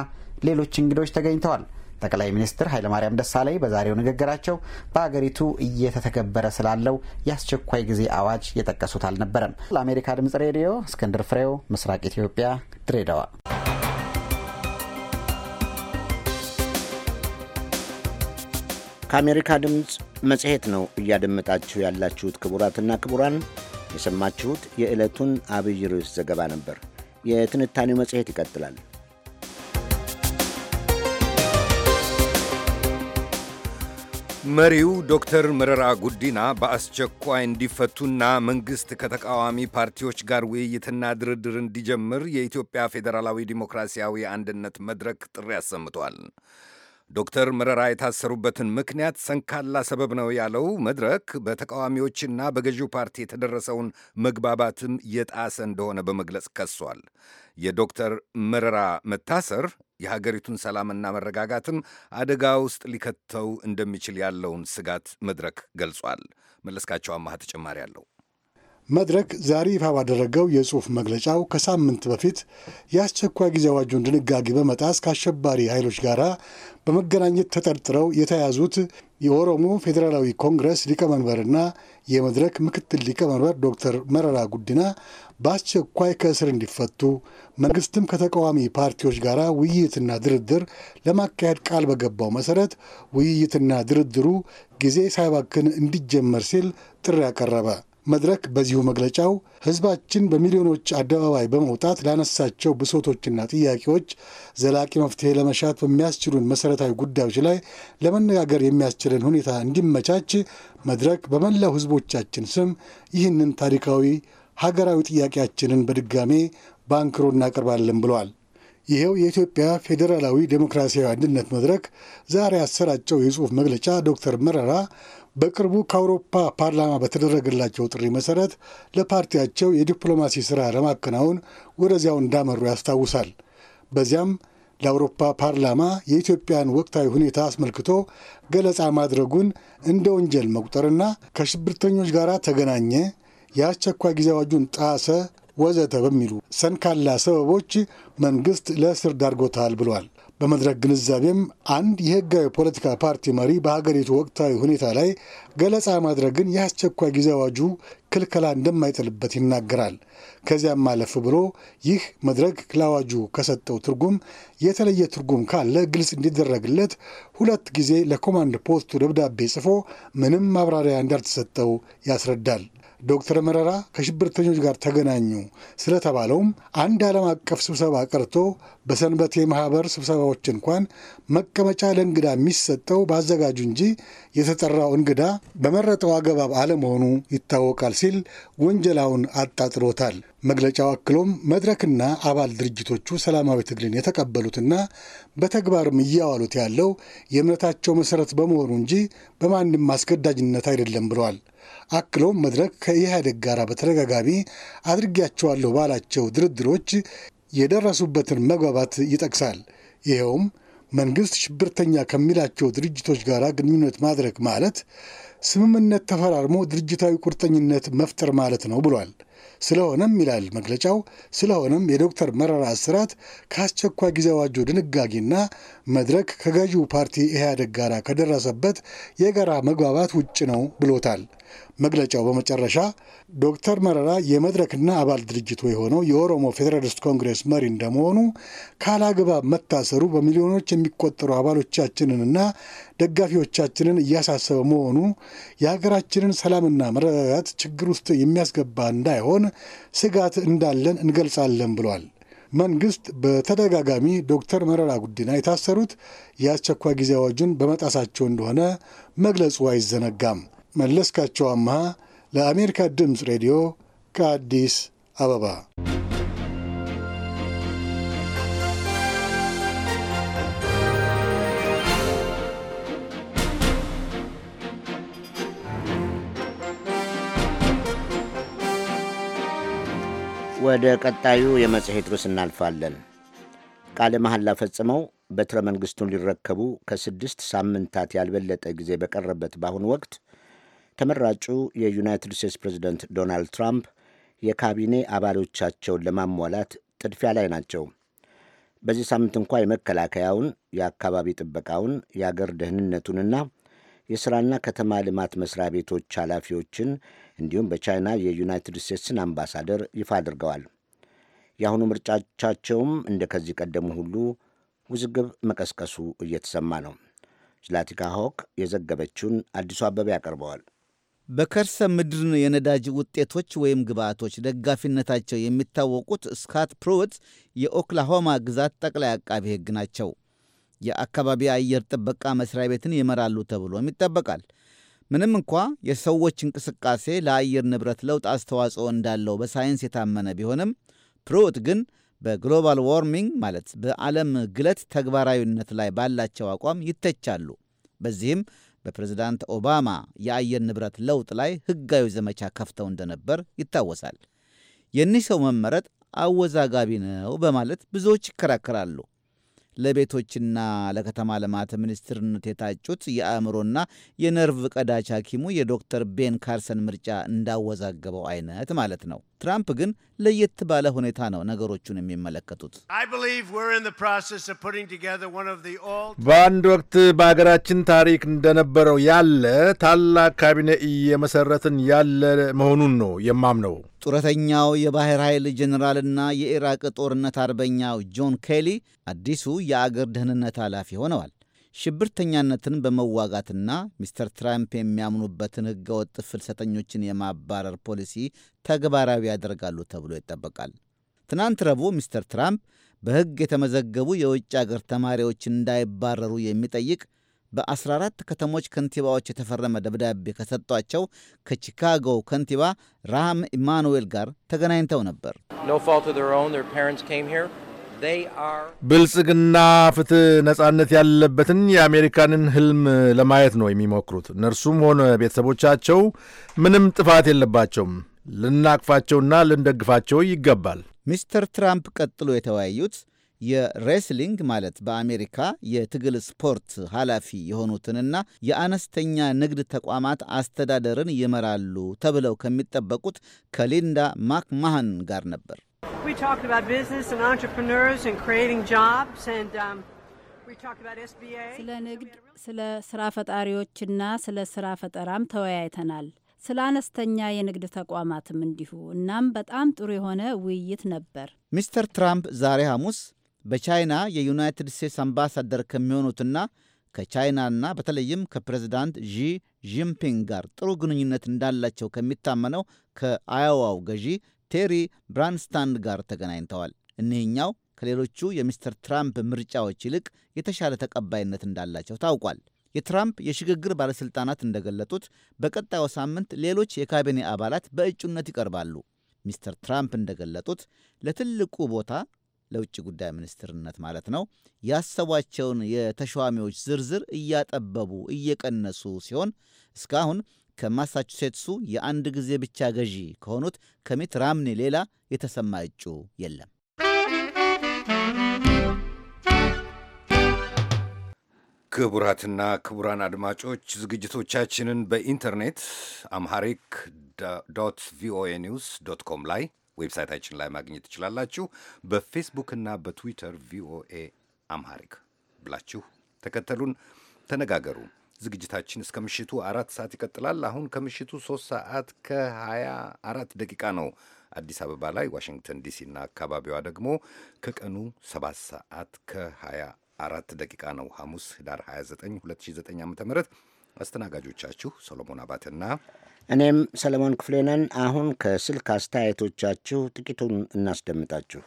ሌሎች እንግዶች ተገኝተዋል። ጠቅላይ ሚኒስትር ኃይለማርያም ደሳለኝ በዛሬው ንግግራቸው በአገሪቱ እየተተገበረ ስላለው የአስቸኳይ ጊዜ አዋጅ የጠቀሱት አልነበረም። ለአሜሪካ ድምጽ ሬዲዮ እስክንድር ፍሬው፣ ምስራቅ ኢትዮጵያ፣ ድሬዳዋ ከአሜሪካ ድምፅ መጽሔት ነው እያደመጣችሁ ያላችሁት። ክቡራትና ክቡራን የሰማችሁት የዕለቱን አብይ ርዕስ ዘገባ ነበር። የትንታኔው መጽሔት ይቀጥላል። መሪው ዶክተር መረራ ጉዲና በአስቸኳይ እንዲፈቱና መንግሥት ከተቃዋሚ ፓርቲዎች ጋር ውይይትና ድርድር እንዲጀምር የኢትዮጵያ ፌዴራላዊ ዲሞክራሲያዊ አንድነት መድረክ ጥሪ አሰምቷል። ዶክተር መረራ የታሰሩበትን ምክንያት ሰንካላ ሰበብ ነው ያለው መድረክ በተቃዋሚዎችና በገዢው ፓርቲ የተደረሰውን መግባባትም የጣሰ እንደሆነ በመግለጽ ከሷል። የዶክተር መረራ መታሰር የሀገሪቱን ሰላምና መረጋጋትም አደጋ ውስጥ ሊከተው እንደሚችል ያለውን ስጋት መድረክ ገልጿል። መለስካቸው አማሃ ተጨማሪ አለው። መድረክ ዛሬ ይፋ ባደረገው የጽሑፍ መግለጫው ከሳምንት በፊት የአስቸኳይ ጊዜ አዋጁን ድንጋጌ በመጣስ ከአሸባሪ ኃይሎች ጋር በመገናኘት ተጠርጥረው የተያዙት የኦሮሞ ፌዴራላዊ ኮንግረስ ሊቀመንበርና የመድረክ ምክትል ሊቀመንበር ዶክተር መረራ ጉዲና በአስቸኳይ ከእስር እንዲፈቱ መንግስትም ከተቃዋሚ ፓርቲዎች ጋር ውይይትና ድርድር ለማካሄድ ቃል በገባው መሰረት ውይይትና ድርድሩ ጊዜ ሳይባክን እንዲጀመር ሲል ጥሪ አቀረበ። መድረክ በዚሁ መግለጫው ህዝባችን በሚሊዮኖች አደባባይ በመውጣት ላነሳቸው ብሶቶችና ጥያቄዎች ዘላቂ መፍትሄ ለመሻት በሚያስችሉን መሠረታዊ ጉዳዮች ላይ ለመነጋገር የሚያስችልን ሁኔታ እንዲመቻች መድረክ በመላው ህዝቦቻችን ስም ይህንን ታሪካዊ ሀገራዊ ጥያቄያችንን በድጋሜ በአንክሮ እናቀርባለን ብለዋል። ይኸው የኢትዮጵያ ፌዴራላዊ ዴሞክራሲያዊ አንድነት መድረክ ዛሬ ያሰራጨው የጽሑፍ መግለጫ ዶክተር መረራ በቅርቡ ከአውሮፓ ፓርላማ በተደረገላቸው ጥሪ መሰረት ለፓርቲያቸው የዲፕሎማሲ ስራ ለማከናወን ወደዚያው እንዳመሩ ያስታውሳል። በዚያም ለአውሮፓ ፓርላማ የኢትዮጵያን ወቅታዊ ሁኔታ አስመልክቶ ገለጻ ማድረጉን እንደ ወንጀል መቁጠርና ከሽብርተኞች ጋር ተገናኘ፣ የአስቸኳይ ጊዜ አዋጁን ጣሰ፣ ወዘተ በሚሉ ሰንካላ ሰበቦች መንግስት ለእስር ዳርጎታል ብሏል። በመድረክ ግንዛቤም አንድ የህጋዊ ፖለቲካ ፓርቲ መሪ በሀገሪቱ ወቅታዊ ሁኔታ ላይ ገለጻ ማድረግን የአስቸኳይ ጊዜ አዋጁ ክልከላ እንደማይጥልበት ይናገራል። ከዚያም አለፍ ብሎ ይህ መድረክ ለአዋጁ ከሰጠው ትርጉም የተለየ ትርጉም ካለ ግልጽ እንዲደረግለት ሁለት ጊዜ ለኮማንድ ፖስቱ ደብዳቤ ጽፎ ምንም ማብራሪያ እንዳልተሰጠው ያስረዳል። ዶክተር መረራ ከሽብርተኞች ጋር ተገናኙ ስለተባለውም አንድ ዓለም አቀፍ ስብሰባ ቀርቶ በሰንበቴ ማህበር ስብሰባዎች እንኳን መቀመጫ ለእንግዳ የሚሰጠው በአዘጋጁ እንጂ የተጠራው እንግዳ በመረጠው አገባብ አለመሆኑ ይታወቃል ሲል ወንጀላውን አጣጥሎታል። መግለጫው አክሎም መድረክና አባል ድርጅቶቹ ሰላማዊ ትግልን የተቀበሉትና በተግባርም እያዋሉት ያለው የእምነታቸው መሠረት በመሆኑ እንጂ በማንም አስገዳጅነት አይደለም ብለዋል። አክለውም መድረክ ከኢህአዴግ ጋር በተደጋጋሚ አድርጌያቸዋለሁ ባላቸው ድርድሮች የደረሱበትን መግባባት ይጠቅሳል። ይኸውም መንግስት ሽብርተኛ ከሚላቸው ድርጅቶች ጋር ግንኙነት ማድረግ ማለት ስምምነት ተፈራርሞ ድርጅታዊ ቁርጠኝነት መፍጠር ማለት ነው ብሏል። ስለሆነም ይላል መግለጫው፣ ስለሆነም የዶክተር መረራ እስራት ከአስቸኳይ ጊዜ አዋጁ ድንጋጌና መድረክ ከገዢው ፓርቲ ኢህአደግ ጋር ከደረሰበት የጋራ መግባባት ውጭ ነው ብሎታል። መግለጫው በመጨረሻ ዶክተር መረራ የመድረክና አባል ድርጅቱ የሆነው የኦሮሞ ፌዴራሊስት ኮንግሬስ መሪ እንደመሆኑ ካላግባብ መታሰሩ በሚሊዮኖች የሚቆጠሩ አባሎቻችንንና ደጋፊዎቻችንን እያሳሰበ መሆኑ የሀገራችንን ሰላምና መረጋጋት ችግር ውስጥ የሚያስገባ እንዳይሆን ስጋት እንዳለን እንገልጻለን ብሏል። መንግስት በተደጋጋሚ ዶክተር መረራ ጉዲና የታሰሩት የአስቸኳይ ጊዜ አዋጁን በመጣሳቸው እንደሆነ መግለጹ አይዘነጋም። መለስካቸው አመሃ ለአሜሪካ ድምፅ ሬዲዮ ከአዲስ አበባ ወደ ቀጣዩ የመጽሔት ርዕስ እናልፋለን። ቃለ መሐላ ፈጽመው በትረ መንግሥቱን ሊረከቡ ከስድስት ሳምንታት ያልበለጠ ጊዜ በቀረበት በአሁኑ ወቅት ተመራጩ የዩናይትድ ስቴትስ ፕሬዚደንት ዶናልድ ትራምፕ የካቢኔ አባሎቻቸውን ለማሟላት ጥድፊያ ላይ ናቸው። በዚህ ሳምንት እንኳ የመከላከያውን፣ የአካባቢ ጥበቃውን፣ የአገር ደህንነቱንና የሥራና ከተማ ልማት መስሪያ ቤቶች ኃላፊዎችን እንዲሁም በቻይና የዩናይትድ ስቴትስን አምባሳደር ይፋ አድርገዋል። የአሁኑ ምርጫቻቸውም እንደ ከዚህ ቀደሙ ሁሉ ውዝግብ መቀስቀሱ እየተሰማ ነው። ዝላቲካ ሆክ የዘገበችውን አዲሱ አበበ ያቀርበዋል። በከርሰ ምድር የነዳጅ ውጤቶች ወይም ግብአቶች ደጋፊነታቸው የሚታወቁት ስካት ፕሩት የኦክላሆማ ግዛት ጠቅላይ አቃቢ ሕግ ናቸው። የአካባቢ አየር ጥበቃ መስሪያ ቤትን ይመራሉ ተብሎም ይጠበቃል። ምንም እንኳ የሰዎች እንቅስቃሴ ለአየር ንብረት ለውጥ አስተዋጽኦ እንዳለው በሳይንስ የታመነ ቢሆንም ፕሩት ግን በግሎባል ዋርሚንግ ማለት በዓለም ግለት ተግባራዊነት ላይ ባላቸው አቋም ይተቻሉ። በዚህም በፕሬዝዳንት ኦባማ የአየር ንብረት ለውጥ ላይ ሕጋዊ ዘመቻ ከፍተው እንደነበር ይታወሳል። የኒህ ሰው መመረጥ አወዛጋቢ ነው በማለት ብዙዎች ይከራከራሉ። ለቤቶችና ለከተማ ልማት ሚኒስትርነት የታጩት የአእምሮና የነርቭ ቀዳጅ ሐኪሙ የዶክተር ቤን ካርሰን ምርጫ እንዳወዛገበው አይነት ማለት ነው። ትራምፕ ግን ለየት ባለ ሁኔታ ነው ነገሮቹን የሚመለከቱት። በአንድ ወቅት በሀገራችን ታሪክ እንደነበረው ያለ ታላቅ ካቢኔ እየመሰረትን ያለ መሆኑን ነው የማምነው። ጡረተኛው የባህር ኃይል ጀኔራልና የኢራቅ ጦርነት አርበኛው ጆን ኬሊ አዲሱ የአገር ደህንነት ኃላፊ ሆነዋል። ሽብርተኛነትን በመዋጋትና ሚስተር ትራምፕ የሚያምኑበትን ህገወጥ ፍልሰተኞችን የማባረር ፖሊሲ ተግባራዊ ያደርጋሉ ተብሎ ይጠበቃል። ትናንት ረቡዕ ሚስተር ትራምፕ በሕግ የተመዘገቡ የውጭ አገር ተማሪዎች እንዳይባረሩ የሚጠይቅ በ14 ከተሞች ከንቲባዎች የተፈረመ ደብዳቤ ከሰጧቸው ከቺካጎው ከንቲባ ራም ኢማኑዌል ጋር ተገናኝተው ነበር። ብልጽግና ፍትህ፣ ነጻነት ያለበትን የአሜሪካንን ህልም ለማየት ነው የሚሞክሩት። እነርሱም ሆነ ቤተሰቦቻቸው ምንም ጥፋት የለባቸውም። ልናቅፋቸውና ልንደግፋቸው ይገባል። ሚስተር ትራምፕ ቀጥሎ የተወያዩት የሬስሊንግ ማለት በአሜሪካ የትግል ስፖርት ኃላፊ የሆኑትንና የአነስተኛ ንግድ ተቋማት አስተዳደርን ይመራሉ ተብለው ከሚጠበቁት ከሊንዳ ማክማሃን ጋር ነበር። ስለ ንግድ፣ ስለ ስራ ፈጣሪዎችና ስለ ስራ ፈጠራም ተወያይተናል። ስለ አነስተኛ የንግድ ተቋማትም እንዲሁ። እናም በጣም ጥሩ የሆነ ውይይት ነበር። ሚስተር ትራምፕ ዛሬ ሐሙስ በቻይና የዩናይትድ ስቴትስ አምባሳደር ከሚሆኑትና ከቻይናና በተለይም ከፕሬዚዳንት ዢ ጂንፒንግ ጋር ጥሩ ግንኙነት እንዳላቸው ከሚታመነው ከአዮዋው ገዢ ቴሪ ብራንስታንድ ጋር ተገናኝተዋል። እኒህኛው ከሌሎቹ የሚስተር ትራምፕ ምርጫዎች ይልቅ የተሻለ ተቀባይነት እንዳላቸው ታውቋል። የትራምፕ የሽግግር ባለሥልጣናት እንደገለጡት በቀጣዩ ሳምንት ሌሎች የካቢኔ አባላት በእጩነት ይቀርባሉ። ሚስተር ትራምፕ እንደገለጡት ለትልቁ ቦታ ለውጭ ጉዳይ ሚኒስትርነት ማለት ነው። ያሰቧቸውን የተሿሚዎች ዝርዝር እያጠበቡ እየቀነሱ ሲሆን እስካሁን ከማሳቹሴትሱ የአንድ ጊዜ ብቻ ገዢ ከሆኑት ከሚት ራምኒ ሌላ የተሰማ እጩ የለም። ክቡራትና ክቡራን አድማጮች ዝግጅቶቻችንን በኢንተርኔት አምሃሪክ ዶት ቪኦኤ ኒውስ ዶት ኮም ላይ ዌብሳይታችን ላይ ማግኘት ትችላላችሁ። በፌስቡክና በትዊተር ቪኦኤ አምሃሪክ ብላችሁ ተከተሉን፣ ተነጋገሩ። ዝግጅታችን እስከ ምሽቱ አራት ሰዓት ይቀጥላል። አሁን ከምሽቱ ሶስት ሰዓት ከሀያ አራት ደቂቃ ነው አዲስ አበባ ላይ፣ ዋሽንግተን ዲሲ እና አካባቢዋ ደግሞ ከቀኑ ሰባት ሰዓት ከሀያ አራት ደቂቃ ነው። ሐሙስ ህዳር 29 2009 ዓ ም አስተናጋጆቻችሁ ሰሎሞን አባትና እኔም ሰለሞን ክፍሌ ነን። አሁን ከስልክ አስተያየቶቻችሁ ጥቂቱን እናስደምጣችሁ።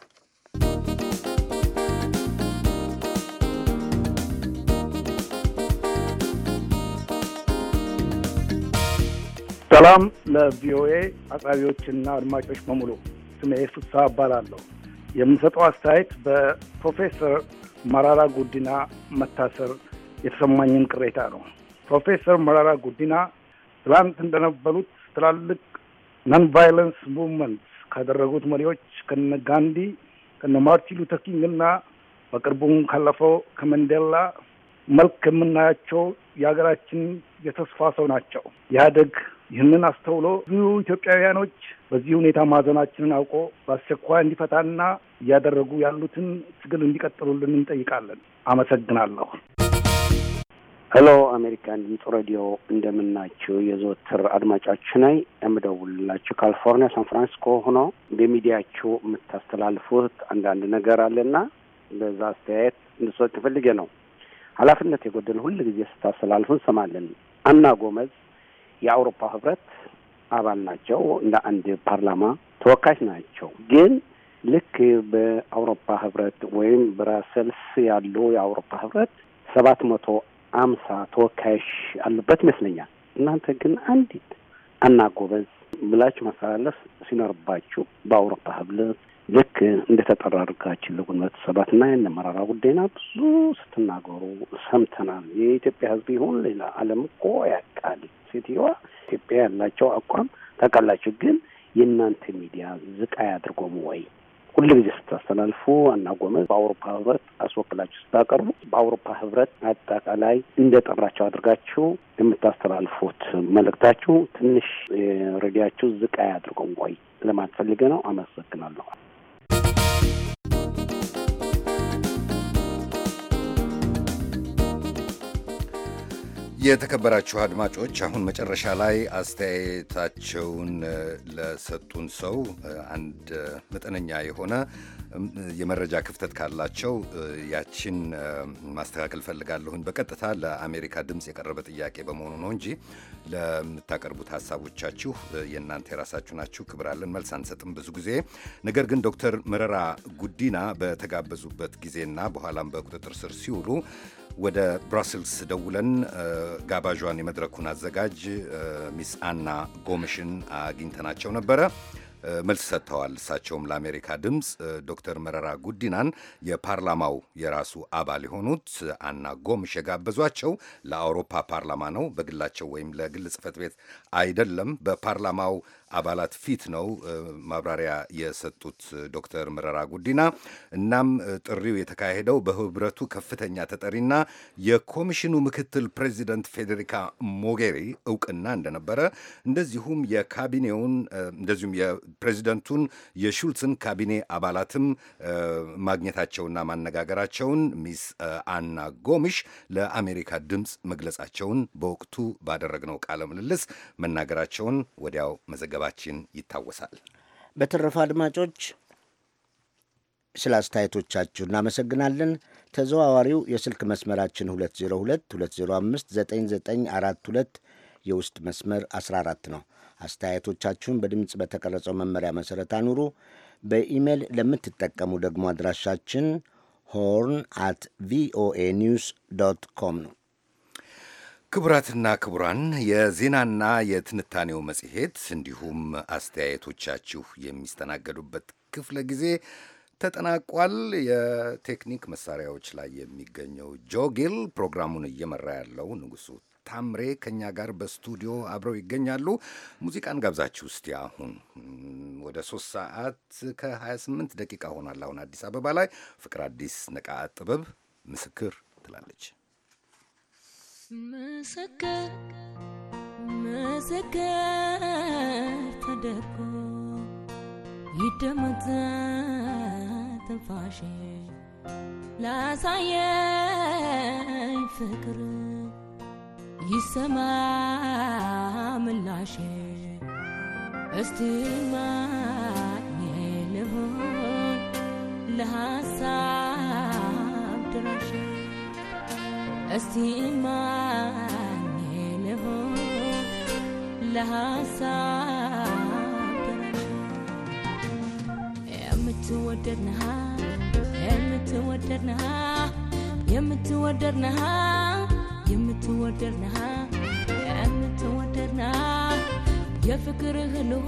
ሰላም ለቪኦኤ አቅራቢዎችና አድማጮች በሙሉ። ስሜ ፍሳ እባላለሁ። የምሰጠው አስተያየት በፕሮፌሰር መራራ ጉዲና መታሰር የተሰማኝን ቅሬታ ነው። ፕሮፌሰር መራራ ጉዲና ትላንት እንደነበሩት ትላልቅ ነን ቫይለንስ ሙቭመንት ካደረጉት መሪዎች ከነ ጋንዲ፣ ከነ ማርቲን ሉተር ኪንግ እና በቅርቡም ካለፈው ከመንዴላ መልክ የምናያቸው የሀገራችን የተስፋ ሰው ናቸው። ኢህአደግ ይህንን አስተውሎ ብዙ ኢትዮጵያውያኖች በዚህ ሁኔታ ማዘናችንን አውቆ በአስቸኳይ እንዲፈታና እያደረጉ ያሉትን ትግል እንዲቀጥሉልን እንጠይቃለን። አመሰግናለሁ። ሄሎ አሜሪካን ድምጽ ሬዲዮ እንደምናችሁ። የዘወትር አድማጫችሁ ናይ የምደውልላችሁ ካሊፎርኒያ ሳን ፍራንሲስኮ ሆኖ በሚዲያችሁ የምታስተላልፉት አንዳንድ ነገር አለና በዛ አስተያየት እንድሰጥ ፈልጌ ነው። ኃላፊነት የጎደለ ሁል ጊዜ ስታስተላልፉ እንሰማለን። አና ጎመዝ የአውሮፓ ህብረት አባል ናቸው። እንደ አንድ ፓርላማ ተወካሽ ናቸው። ግን ልክ በአውሮፓ ህብረት ወይም ብራሰልስ ያሉ የአውሮፓ ህብረት ሰባት መቶ አምሳ ተወካዮች አሉበት ይመስለኛል። እናንተ ግን አንዲት አናጎበዝ ጎበዝ ብላችሁ ማስተላለፍ ሲኖርባችሁ በአውሮፓ ህብረት ልክ እንደ ተጠራ አድርጋችን ለጉንበት ሰባትና የነ መራራ ጉዳይና ብዙ ስትናገሩ ሰምተናል። የኢትዮጵያ ህዝብ ይሁን ሌላ አለም እኮ ያቃል ሴትዮዋ ኢትዮጵያ ያላቸው አቋም ታውቃላችሁ። ግን የእናንተ ሚዲያ ዝቃ ያድርጎም ወይ ሁሉ ጊዜ ስታስተላልፉ አና ጎመዝ በአውሮፓ ህብረት አስወክላችሁ ስታቀርቡ በአውሮፓ ህብረት አጠቃላይ እንደ ጠራቸው አድርጋችሁ የምታስተላልፉት መልእክታችሁ ትንሽ ሬዲያችሁ ዝቃ ያድርጎም ወይ ለማትፈልገ ነው። አመሰግናለሁ። የተከበራችሁ አድማጮች አሁን መጨረሻ ላይ አስተያየታቸውን ለሰጡን ሰው አንድ መጠነኛ የሆነ የመረጃ ክፍተት ካላቸው ያችን ማስተካከል ፈልጋለሁኝ። በቀጥታ ለአሜሪካ ድምፅ የቀረበ ጥያቄ በመሆኑ ነው እንጂ ለምታቀርቡት ሀሳቦቻችሁ የእናንተ የራሳችሁ ናችሁ። ክብራለን መልስ አንሰጥም ብዙ ጊዜ። ነገር ግን ዶክተር መረራ ጉዲና በተጋበዙበት ጊዜና በኋላም በቁጥጥር ስር ሲውሉ ወደ ብራስልስ ደውለን ጋባዣን የመድረኩን አዘጋጅ ሚስ አና ጎምሽን አግኝተናቸው ነበረ። መልስ ሰጥተዋል። እሳቸውም ለአሜሪካ ድምፅ ዶክተር መረራ ጉዲናን የፓርላማው የራሱ አባል የሆኑት አና ጎምሽ የጋበዟቸው ለአውሮፓ ፓርላማ ነው። በግላቸው ወይም ለግል ጽህፈት ቤት አይደለም፣ በፓርላማው አባላት ፊት ነው ማብራሪያ የሰጡት ዶክተር መረራ ጉዲና። እናም ጥሪው የተካሄደው በህብረቱ ከፍተኛ ተጠሪና የኮሚሽኑ ምክትል ፕሬዚደንት ፌዴሪካ ሞጌሪ እውቅና እንደነበረ እንደዚሁም የካቢኔውን እንደዚሁም የፕሬዚደንቱን የሹልትን ካቢኔ አባላትም ማግኘታቸውና ማነጋገራቸውን ሚስ አና ጎሚሽ ለአሜሪካ ድምፅ መግለጻቸውን በወቅቱ ባደረግነው ቃለ ምልልስ መናገራቸውን ወዲያው መዘገባችን ይታወሳል። በተረፈ አድማጮች ስለ አስተያየቶቻችሁ እናመሰግናለን። ተዘዋዋሪው የስልክ መስመራችን 202 የውስጥ መስመር 14 ነው። አስተያየቶቻችሁን በድምፅ በተቀረጸው መመሪያ መሠረት አኑሩ። በኢሜል ለምትጠቀሙ ደግሞ አድራሻችን ሆርን አት ቪኦኤ ኒውስ ዶት ኮም ነው። ክቡራትና ክቡራን የዜናና የትንታኔው መጽሔት እንዲሁም አስተያየቶቻችሁ የሚስተናገዱበት ክፍለ ጊዜ ተጠናቋል። የቴክኒክ መሳሪያዎች ላይ የሚገኘው ጆጌል ፕሮግራሙን እየመራ ያለው ንጉሱ ታምሬ ከኛ ጋር በስቱዲዮ አብረው ይገኛሉ። ሙዚቃን ጋብዛችሁ እስቲ አሁን ወደ ሶስት ሰዓት ከ28 ደቂቃ ሆኗል። አሁን አዲስ አበባ ላይ ፍቅር አዲስ ነቃ ጥበብ ምስክር ትላለች። ስመሰከር መሰከር ተደርጎ ይደመጥ ትንፋሽ ላሳየኝ ፍቅር ይሰማ ምላሽ እስቲ ማን ልሆን ለሐሳብ እስቲ ማን ነሃ የምትወደድ ነሃ የምትወደድ ነሃ፣ የምትወደድነሃ ነሃ የፍቅርህ ልሆ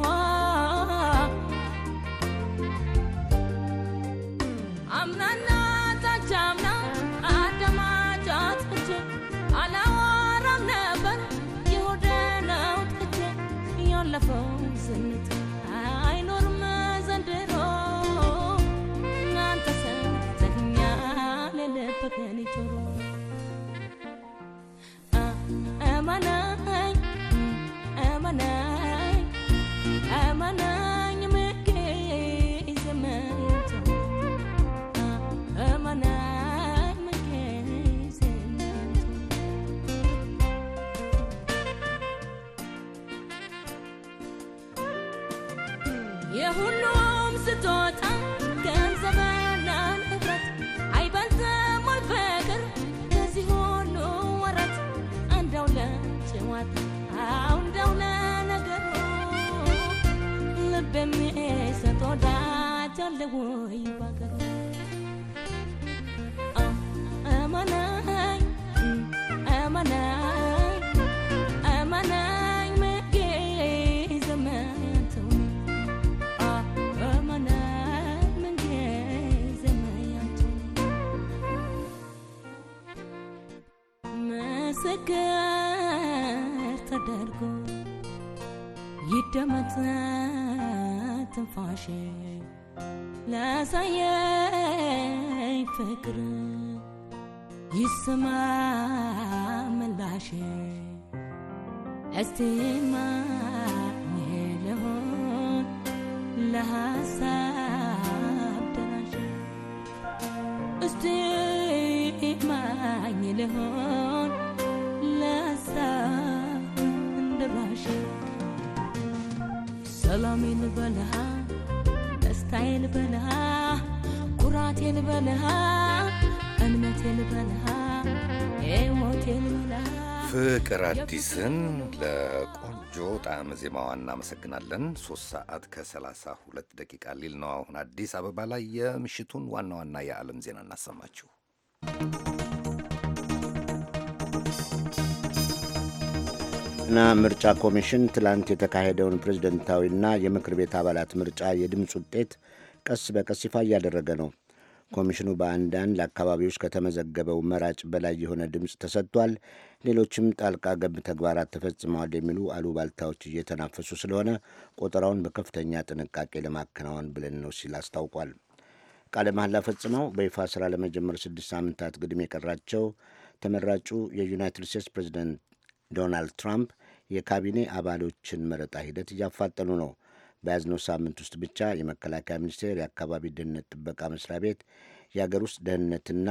አምናና ወገን ጆሮ የሁሉም ስጦታ de woi bagaro amanai amanai amanai me ge zamanto amanai me ge zamanto መስገር ተደርጎ ይደመጥ ትንፋሼ لاሳያይ ፍቅር ይስማ መላሽ እስቲማ ንሄለሆን ለሃሳብ ደራሽ እስቲማ ንለሆን ለሃሳብ ደራሽ ሰላም ይንበልሃ ደስታዬን በላ ኩራቴን በላ እምነቴን በላ ሞቴን በላ። ፍቅር አዲስን ለቆንጆ ጣዕመ ዜማዋ እናመሰግናለን። ሶስት ሰዓት ከሰላሳ ሁለት ደቂቃ ሊል ነው አሁን አዲስ አበባ ላይ የምሽቱን ዋና ዋና የዓለም ዜና እናሰማችሁ። ዋና ምርጫ ኮሚሽን ትላንት የተካሄደውን ፕሬዝደንታዊና የምክር ቤት አባላት ምርጫ የድምፅ ውጤት ቀስ በቀስ ይፋ እያደረገ ነው። ኮሚሽኑ በአንዳንድ አካባቢዎች ከተመዘገበው መራጭ በላይ የሆነ ድምፅ ተሰጥቷል፣ ሌሎችም ጣልቃ ገብ ተግባራት ተፈጽመዋል የሚሉ አሉባልታዎች እየተናፈሱ ስለሆነ ቆጠራውን በከፍተኛ ጥንቃቄ ለማከናወን ብለን ነው ሲል አስታውቋል። ቃለ መሐላ ፈጽመው በይፋ ስራ ለመጀመር ስድስት ሳምንታት ግድም የቀራቸው ተመራጩ የዩናይትድ ስቴትስ ፕሬዚደንት ዶናልድ ትራምፕ የካቢኔ አባሎችን መረጣ ሂደት እያፋጠኑ ነው። በያዝነው ሳምንት ውስጥ ብቻ የመከላከያ ሚኒስቴር፣ የአካባቢ ደህንነት ጥበቃ መስሪያ ቤት፣ የአገር ውስጥ ደህንነትና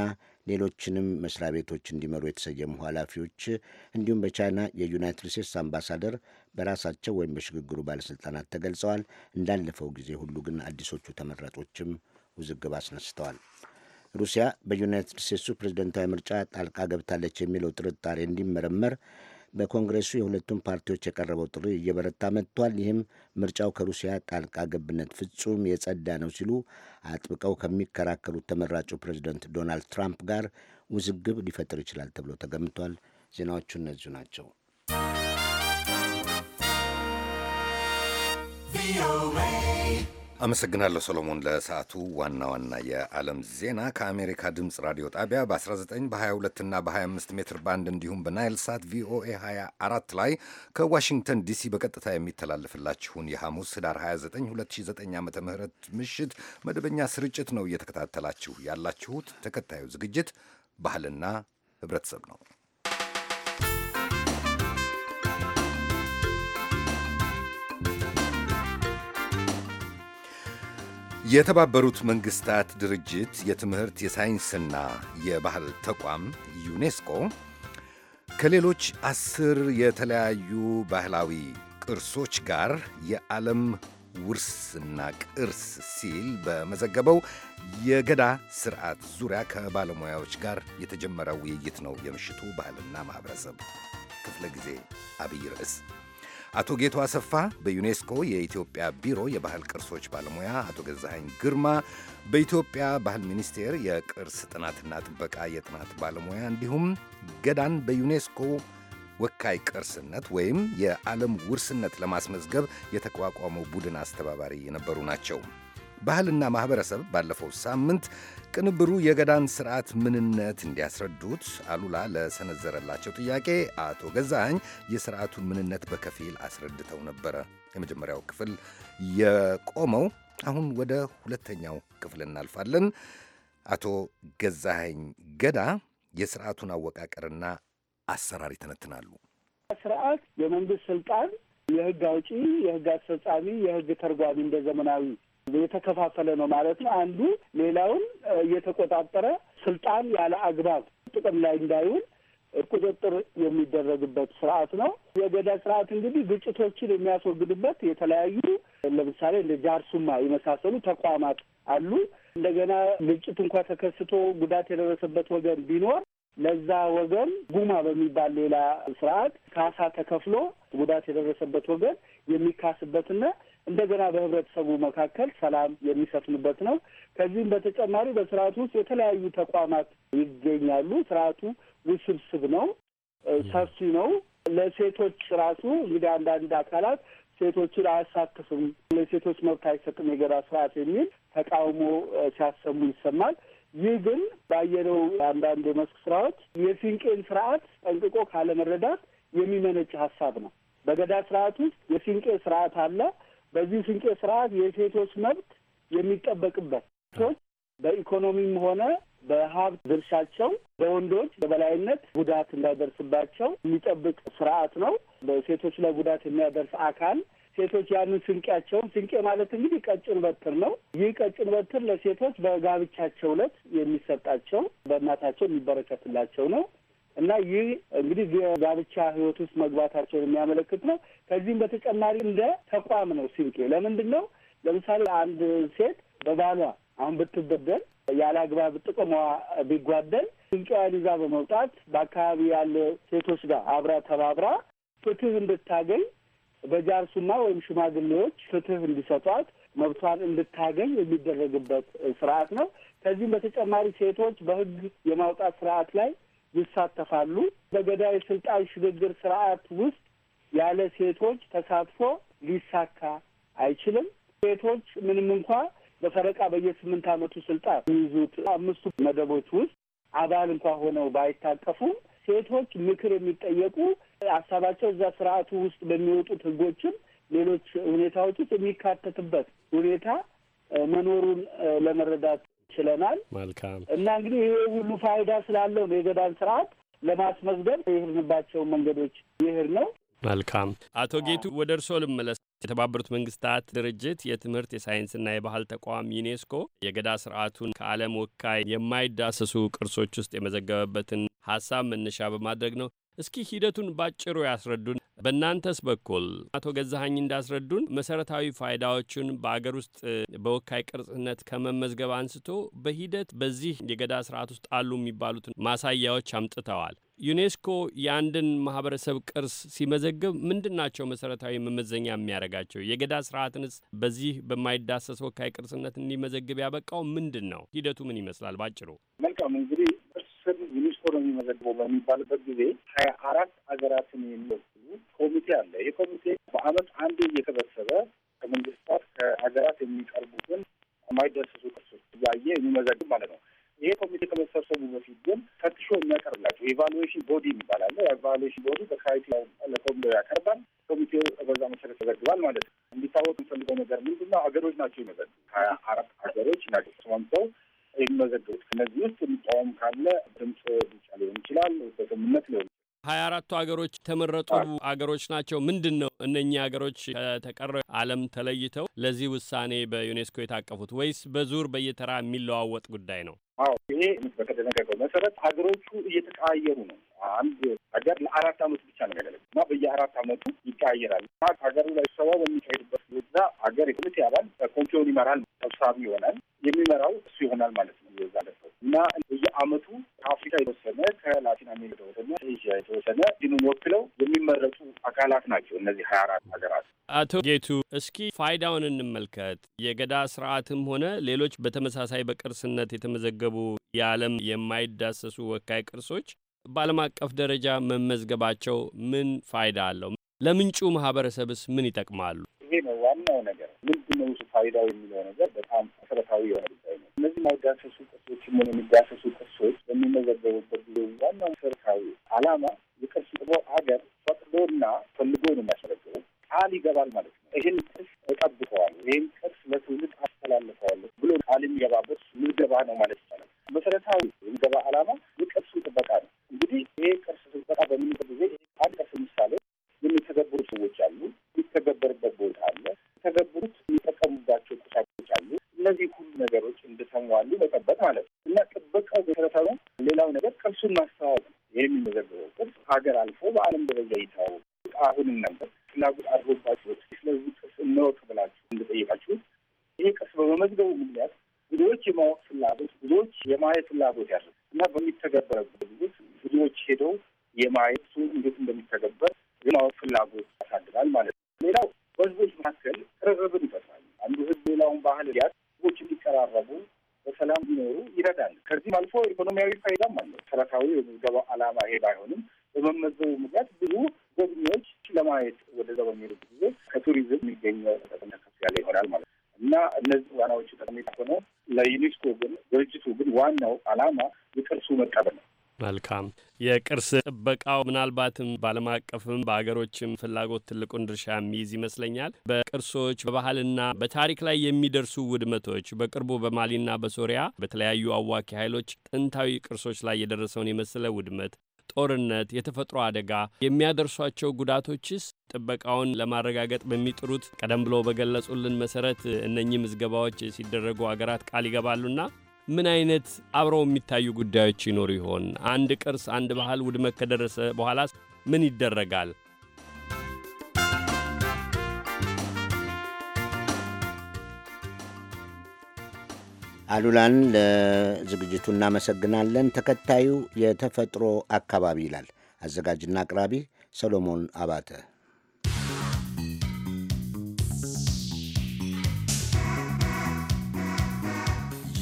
ሌሎችንም መስሪያ ቤቶች እንዲመሩ የተሰየሙ ኃላፊዎች እንዲሁም በቻይና የዩናይትድ ስቴትስ አምባሳደር በራሳቸው ወይም በሽግግሩ ባለሥልጣናት ተገልጸዋል። እንዳለፈው ጊዜ ሁሉ ግን አዲሶቹ ተመራጮችም ውዝግብ አስነስተዋል። ሩሲያ በዩናይትድ ስቴትሱ ፕሬዝደንታዊ ምርጫ ጣልቃ ገብታለች የሚለው ጥርጣሬ እንዲመረመር በኮንግረሱ የሁለቱም ፓርቲዎች የቀረበው ጥሪ እየበረታ መጥቷል። ይህም ምርጫው ከሩሲያ ጣልቃ ገብነት ፍጹም የጸዳ ነው ሲሉ አጥብቀው ከሚከራከሩት ተመራጩ ፕሬዚደንት ዶናልድ ትራምፕ ጋር ውዝግብ ሊፈጥር ይችላል ተብሎ ተገምቷል። ዜናዎቹ እነዚሁ ናቸው። ቪኦኤ አመሰግናለሁ ሰሎሞን። ለሰዓቱ ዋና ዋና የዓለም ዜና ከአሜሪካ ድምፅ ራዲዮ ጣቢያ በ19 በ22 እና በ25 ሜትር ባንድ እንዲሁም በናይል ሳት ቪኦኤ 24 ላይ ከዋሽንግተን ዲሲ በቀጥታ የሚተላለፍላችሁን የሐሙስ ህዳር 29 2009 ዓ ም ምሽት መደበኛ ስርጭት ነው እየተከታተላችሁ ያላችሁት። ተከታዩ ዝግጅት ባህልና ህብረተሰብ ነው። የተባበሩት መንግስታት ድርጅት የትምህርት የሳይንስና የባህል ተቋም ዩኔስኮ ከሌሎች አስር የተለያዩ ባህላዊ ቅርሶች ጋር የዓለም ውርስና ቅርስ ሲል በመዘገበው የገዳ ስርዓት ዙሪያ ከባለሙያዎች ጋር የተጀመረ ውይይት ነው የምሽቱ ባህልና ማኅበረሰብ ክፍለ ጊዜ አብይ ርዕስ። አቶ ጌቱ አሰፋ በዩኔስኮ የኢትዮጵያ ቢሮ የባህል ቅርሶች ባለሙያ፣ አቶ ገዛኸኝ ግርማ በኢትዮጵያ ባህል ሚኒስቴር የቅርስ ጥናትና ጥበቃ የጥናት ባለሙያ እንዲሁም ገዳን በዩኔስኮ ወካይ ቅርስነት ወይም የዓለም ውርስነት ለማስመዝገብ የተቋቋመው ቡድን አስተባባሪ የነበሩ ናቸው። ባህልና ማህበረሰብ ባለፈው ሳምንት ቅንብሩ የገዳን ስርዓት ምንነት እንዲያስረዱት አሉላ ለሰነዘረላቸው ጥያቄ አቶ ገዛኸኝ የስርዓቱን ምንነት በከፊል አስረድተው ነበረ። የመጀመሪያው ክፍል የቆመው አሁን ወደ ሁለተኛው ክፍል እናልፋለን። አቶ ገዛኸኝ ገዳ የስርዓቱን አወቃቀርና አሰራር ይተነትናሉ። ስርዓት የመንግስት ስልጣን የህግ አውጪ፣ የህግ አስፈጻሚ፣ የህግ ተርጓሚ እንደ ዘመናዊ የተከፋፈለ ነው ማለት ነው። አንዱ ሌላውን እየተቆጣጠረ ስልጣን ያለ አግባብ ጥቅም ላይ እንዳይውል ቁጥጥር የሚደረግበት ስርዓት ነው። የገዳ ስርዓት እንግዲህ ግጭቶችን የሚያስወግድበት የተለያዩ ለምሳሌ እንደ ጃርሱማ የመሳሰሉ ተቋማት አሉ። እንደገና ግጭት እንኳ ተከስቶ ጉዳት የደረሰበት ወገን ቢኖር ለዛ ወገን ጉማ በሚባል ሌላ ስርዓት ካሳ ተከፍሎ ጉዳት የደረሰበት ወገን የሚካስበትና እንደገና በህብረተሰቡ መካከል ሰላም የሚሰፍንበት ነው። ከዚህም በተጨማሪ በስርዓቱ ውስጥ የተለያዩ ተቋማት ይገኛሉ። ስርዓቱ ውስብስብ ነው፣ ሰፊ ነው። ለሴቶች ራሱ እንግዲህ አንዳንድ አካላት ሴቶችን አያሳትፍም፣ ለሴቶች መብት አይሰጥም የገባ ስርዓት የሚል ተቃውሞ ሲያሰሙ ይሰማል። ይህ ግን ባየነው አንዳንድ የመስክ ስራዎች የሲንቄን ስርዓት ጠንቅቆ ካለመረዳት የሚመነጭ ሀሳብ ነው። በገዳ ስርዓት ውስጥ የሲንቄ ስርዓት አለ። በዚህ ስንቄ ስርዓት የሴቶች መብት የሚጠበቅበት ሴቶች በኢኮኖሚም ሆነ በሀብት ድርሻቸው በወንዶች በበላይነት ጉዳት እንዳይደርስባቸው የሚጠብቅ ስርዓት ነው። በሴቶች ላይ ጉዳት የሚያደርስ አካል ሴቶች ያንን ስንቄያቸውን ስንቄ ማለት እንግዲህ ቀጭን በትር ነው። ይህ ቀጭን በትር ለሴቶች በጋብቻቸው ዕለት የሚሰጣቸው በእናታቸው የሚበረከትላቸው ነው። እና ይህ እንግዲህ የጋብቻ ህይወት ውስጥ መግባታቸውን የሚያመለክት ነው። ከዚህም በተጨማሪ እንደ ተቋም ነው ሲንቄ። ለምንድን ነው ለምሳሌ አንድ ሴት በባሏ አሁን ብትበደል ያለ አግባብ ጥቅሟ ቢጓደል ስንቄዋን ይዛ በመውጣት በአካባቢ ያለ ሴቶች ጋር አብራ ተባብራ ፍትህ እንድታገኝ በጃርሱማ ወይም ሽማግሌዎች ፍትህ እንዲሰጧት መብቷን እንድታገኝ የሚደረግበት ስርዓት ነው። ከዚህም በተጨማሪ ሴቶች በህግ የማውጣት ስርዓት ላይ ይሳተፋሉ። በገዳይ ስልጣን ሽግግር ስርዓት ውስጥ ያለ ሴቶች ተሳትፎ ሊሳካ አይችልም። ሴቶች ምንም እንኳ በፈረቃ በየስምንት ዓመቱ ስልጣን የሚይዙት አምስቱ መደቦች ውስጥ አባል እንኳ ሆነው ባይታቀፉም ሴቶች ምክር የሚጠየቁ ሀሳባቸው እዛ ስርዓቱ ውስጥ በሚወጡት ህጎችም፣ ሌሎች ሁኔታዎች ውስጥ የሚካተትበት ሁኔታ መኖሩን ለመረዳት ችለናል። መልካም እና እንግዲህ ይሄ ሁሉ ፋይዳ ስላለው ነው የገዳን ስርዓት ለማስመዝገብ የሄድንባቸውን መንገዶች ይህር ነው። መልካም አቶ ጌቱ ወደ እርስዎ ልመለስ። የተባበሩት መንግስታት ድርጅት የትምህርት የሳይንስና የባህል ተቋም ዩኔስኮ የገዳ ስርዓቱን ከዓለም ወካይ የማይዳሰሱ ቅርሶች ውስጥ የመዘገበበትን ሀሳብ መነሻ በማድረግ ነው። እስኪ ሂደቱን ባጭሩ ያስረዱን። በእናንተስ በኩል አቶ ገዛሀኝ እንዳስረዱን መሰረታዊ ፋይዳዎቹን በአገር ውስጥ በወካይ ቅርጽነት ከመመዝገብ አንስቶ በሂደት በዚህ የገዳ ስርዓት ውስጥ አሉ የሚባሉትን ማሳያዎች አምጥተዋል። ዩኔስኮ የአንድን ማህበረሰብ ቅርስ ሲመዘግብ ምንድን ናቸው መሰረታዊ መመዘኛ የሚያደርጋቸው? የገዳ ስርዓትንስ በዚህ በማይዳሰስ ወካይ ቅርጽነት እንዲመዘግብ ያበቃው ምንድን ነው? ሂደቱ ምን ይመስላል? ባጭሩ። መልካም እንግዲህ ቅርስን ዩኔስኮ ነው የሚመዘግበው በሚባልበት ጊዜ ሀያ አራት ሀገራትን የሚወ ኮሚቴ አለ። ይህ ኮሚቴ በአመት አንዴ እየተበሰበ ከመንግስታት ከሀገራት የሚቀርቡትን የማይዳሰሱ ቅርሶች እያየ የሚመዘግብ ማለት ነው። ይሄ ኮሚቴ ከመሰብሰቡ በፊት ግን ፈትሾ የሚያቀርብላቸው የቫሉዌሽን ቦዲ የሚባል አለ። የቫሉዌሽን ቦዲ በካይቲ ለኮሚቴው ያቀርባል። ኮሚቴው በዛ መሰረት ተዘግባል ማለት ነው። እንዲታወቅ የሚፈልገው ነገር ምንድን ነው? ሀገሮች ናቸው ይመዘግ ሀያ አራት ሀገሮች ናቸው ተስማምተው የሚመዘግቡት። ከነዚህ ውስጥ የሚቃወም ካለ ድምፅ ብቻ ሊሆን ይችላል፣ በስምምነት ሊሆን ሀያ አራቱ ሀገሮች የተመረጡ ሀገሮች ናቸው። ምንድን ነው እነኚህ ሀገሮች ከተቀረ ዓለም ተለይተው ለዚህ ውሳኔ በዩኔስኮ የታቀፉት ወይስ በዙር በየተራ የሚለዋወጥ ጉዳይ ነው? አዎ ይሄ በተደነገገው መሰረት ሀገሮቹ እየተቀያየሩ ነው። አንድ ሀገር ለአራት አመት ብቻ ነው ያገለግ እና በየአራት ዓመቱ ይቀያየራል። እና ሀገሩ ላይ ሰባ በሚካሄድበት ዛ ሀገር የኮሚቴ አባል ኮሚቴውን ይመራል፣ ሰብሳቢ ይሆናል፣ የሚመራው እሱ ይሆናል ማለት ነው። የዛ እና በየአመቱ ከአፍሪካ የተወሰነ ከላቲን አሜሪካ የተወሰነ ኤዥያ የተወሰነ ዲኑን ወክለው የሚመረጡ አካላት ናቸው እነዚህ ሀያ አራት ሀገራት። አቶ ጌቱ እስኪ ፋይዳውን እንመልከት። የገዳ ስርዓትም ሆነ ሌሎች በተመሳሳይ በቅርስነት የተመዘገቡ የዓለም የማይዳሰሱ ወካይ ቅርሶች በዓለም አቀፍ ደረጃ መመዝገባቸው ምን ፋይዳ አለው? ለምንጩ ማህበረሰብስ ምን ይጠቅማሉ? ይሄ ነው ዋናው ነገር። ምንድነው ፋይዳው የሚለው ነገር በጣም መሰረታዊ የሆነ የማይዳሰሱ ቅርሶች ሆነ የሚዳሰሱ ቅርሶች በሚመዘገቡበት ጊዜ ዋናው መሰረታዊ አላማ የቅርስ ጥበብ ሀገር ፈቅዶና ፈልጎ ነው የሚያስመዘግበው። ቃል ይገባል ማለት ነው። መልካም የቅርስ ጥበቃው ምናልባትም በዓለም አቀፍም በሀገሮችም ፍላጎት ትልቁን ድርሻ የሚይዝ ይመስለኛል። በቅርሶች በባህልና በታሪክ ላይ የሚደርሱ ውድመቶች በቅርቡ በማሊና በሶሪያ በተለያዩ አዋኪ ኃይሎች ጥንታዊ ቅርሶች ላይ የደረሰውን የመሰለ ውድመት፣ ጦርነት፣ የተፈጥሮ አደጋ የሚያደርሷቸው ጉዳቶችስ ጥበቃውን ለማረጋገጥ በሚጥሩት ቀደም ብሎ በገለጹልን መሰረት እነኚህ ምዝገባዎች ሲደረጉ አገራት ቃል ይገባሉና ምን አይነት አብረው የሚታዩ ጉዳዮች ይኖሩ ይሆን? አንድ ቅርስ፣ አንድ ባህል ውድመት ከደረሰ በኋላ ምን ይደረጋል? አሉላን ለዝግጅቱ እናመሰግናለን። ተከታዩ የተፈጥሮ አካባቢ ይላል። አዘጋጅና አቅራቢ ሰሎሞን አባተ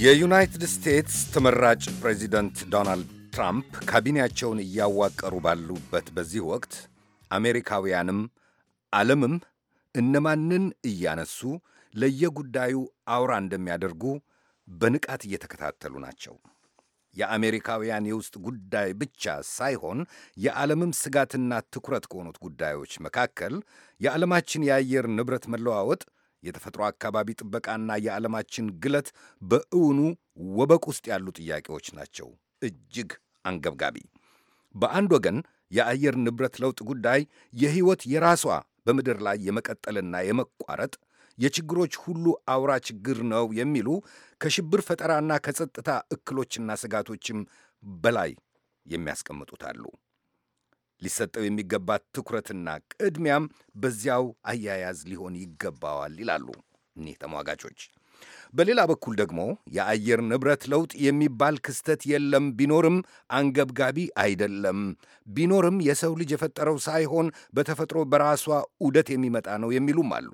የዩናይትድ ስቴትስ ተመራጭ ፕሬዚደንት ዶናልድ ትራምፕ ካቢኔያቸውን እያዋቀሩ ባሉበት በዚህ ወቅት አሜሪካውያንም ዓለምም እነማንን እያነሱ ለየጉዳዩ አውራ እንደሚያደርጉ በንቃት እየተከታተሉ ናቸው። የአሜሪካውያን የውስጥ ጉዳይ ብቻ ሳይሆን የዓለምም ስጋትና ትኩረት ከሆኑት ጉዳዮች መካከል የዓለማችን የአየር ንብረት መለዋወጥ የተፈጥሮ አካባቢ ጥበቃና የዓለማችን ግለት በእውኑ ወበቅ ውስጥ ያሉ ጥያቄዎች ናቸው፣ እጅግ አንገብጋቢ። በአንድ ወገን የአየር ንብረት ለውጥ ጉዳይ የሕይወት የራሷ በምድር ላይ የመቀጠልና የመቋረጥ የችግሮች ሁሉ አውራ ችግር ነው የሚሉ ከሽብር ፈጠራና ከጸጥታ እክሎችና ስጋቶችም በላይ የሚያስቀምጡታሉ። ሊሰጠው የሚገባ ትኩረትና ቅድሚያም በዚያው አያያዝ ሊሆን ይገባዋል ይላሉ እኒህ ተሟጋቾች። በሌላ በኩል ደግሞ የአየር ንብረት ለውጥ የሚባል ክስተት የለም፣ ቢኖርም አንገብጋቢ አይደለም፣ ቢኖርም የሰው ልጅ የፈጠረው ሳይሆን በተፈጥሮ በራሷ ዑደት የሚመጣ ነው የሚሉም አሉ።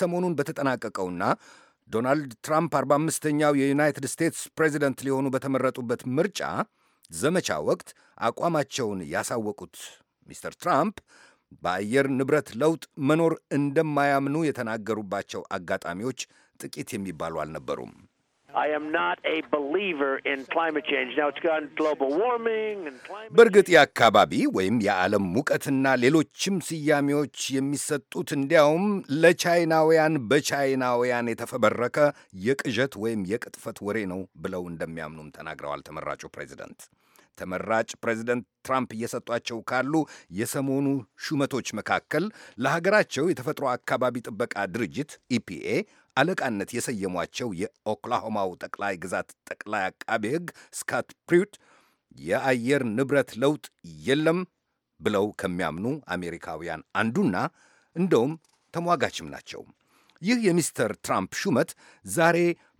ሰሞኑን በተጠናቀቀውና ዶናልድ ትራምፕ 45ኛው የዩናይትድ ስቴትስ ፕሬዚደንት ሊሆኑ በተመረጡበት ምርጫ ዘመቻ ወቅት አቋማቸውን ያሳወቁት ሚስተር ትራምፕ በአየር ንብረት ለውጥ መኖር እንደማያምኑ የተናገሩባቸው አጋጣሚዎች ጥቂት የሚባሉ አልነበሩም። በእርግጥ የአካባቢ ወይም የዓለም ሙቀትና ሌሎችም ስያሜዎች የሚሰጡት እንዲያውም ለቻይናውያን በቻይናውያን የተፈበረከ የቅዠት ወይም የቅጥፈት ወሬ ነው ብለው እንደሚያምኑም ተናግረዋል ተመራጩ ፕሬዚደንት። ተመራጭ ፕሬዚደንት ትራምፕ እየሰጧቸው ካሉ የሰሞኑ ሹመቶች መካከል ለሀገራቸው የተፈጥሮ አካባቢ ጥበቃ ድርጅት ኢፒኤ አለቃነት የሰየሟቸው የኦክላሆማው ጠቅላይ ግዛት ጠቅላይ አቃቤ ሕግ ስካት ፕሪዩት የአየር ንብረት ለውጥ የለም ብለው ከሚያምኑ አሜሪካውያን አንዱና እንደውም ተሟጋችም ናቸው። ይህ የሚስተር ትራምፕ ሹመት ዛሬ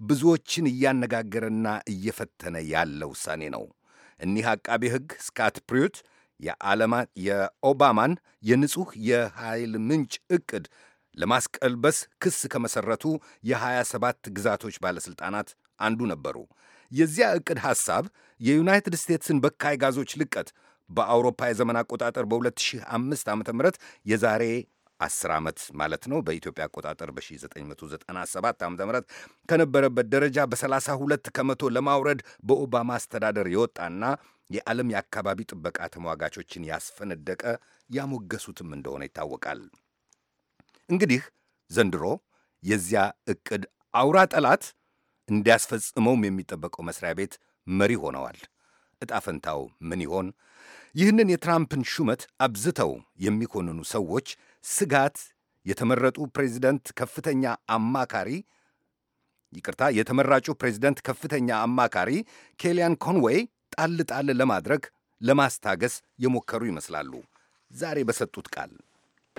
ብዙዎችን እያነጋገረና እየፈተነ ያለ ውሳኔ ነው። እኒህ አቃቢ ሕግ ስካት ፕሪዩት የኦባማን የንጹሕ የኃይል ምንጭ ዕቅድ ለማስቀልበስ ክስ ከመሠረቱ የ27 ግዛቶች ባለሥልጣናት አንዱ ነበሩ። የዚያ ዕቅድ ሐሳብ የዩናይትድ ስቴትስን በካይ ጋዞች ልቀት በአውሮፓ የዘመን አቆጣጠር በ2005 ዓ ም የዛሬ 10 ዓመት ማለት ነው በኢትዮጵያ አቆጣጠር በ1997 ዓ.ም ከነበረበት ደረጃ በ32 ከመቶ ለማውረድ በኦባማ አስተዳደር የወጣና የዓለም የአካባቢ ጥበቃ ተሟጋቾችን ያስፈነደቀ ያሞገሱትም እንደሆነ ይታወቃል። እንግዲህ ዘንድሮ የዚያ ዕቅድ አውራ ጠላት እንዲያስፈጽመውም የሚጠበቀው መስሪያ ቤት መሪ ሆነዋል። ዕጣ ፈንታው ምን ይሆን? ይህንን የትራምፕን ሹመት አብዝተው የሚኮንኑ ሰዎች ስጋት የተመረጡ ፕሬዚደንት ከፍተኛ አማካሪ ይቅርታ፣ የተመራጩ ፕሬዚደንት ከፍተኛ አማካሪ ኬሊያን ኮንዌይ ጣል ጣል ለማድረግ ለማስታገስ የሞከሩ ይመስላሉ ዛሬ በሰጡት ቃል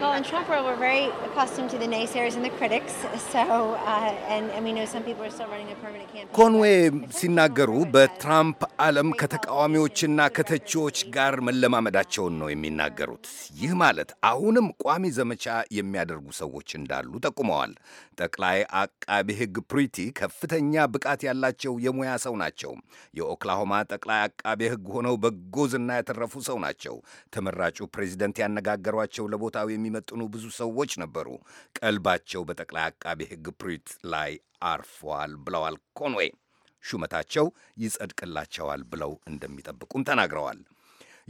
Well, in Trump world, we're very accustomed to the naysayers and the critics. So, uh, and, and we know some people are still running a permanent campaign. ኮንዌይ ሲናገሩ በትራምፕ ዓለም ከተቃዋሚዎችና ከተቺዎች ጋር መለማመዳቸውን ነው የሚናገሩት። ይህ ማለት አሁንም ቋሚ ዘመቻ የሚያደርጉ ሰዎች እንዳሉ ጠቁመዋል። ጠቅላይ አቃቢ ሕግ ፕሪቲ ከፍተኛ ብቃት ያላቸው የሙያ ሰው ናቸው። የኦክላሆማ ጠቅላይ አቃቢ ሕግ ሆነው በጎ ዝና ያተረፉ ሰው ናቸው። ተመራጩ ፕሬዚደንት ያነጋገሯቸው ለቦታው የሚ የሚመጥኑ ብዙ ሰዎች ነበሩ ቀልባቸው በጠቅላይ አቃቤ ሕግ ፕሪት ላይ አርፏል ብለዋል ኮንዌ። ሹመታቸው ይጸድቅላቸዋል ብለው እንደሚጠብቁም ተናግረዋል።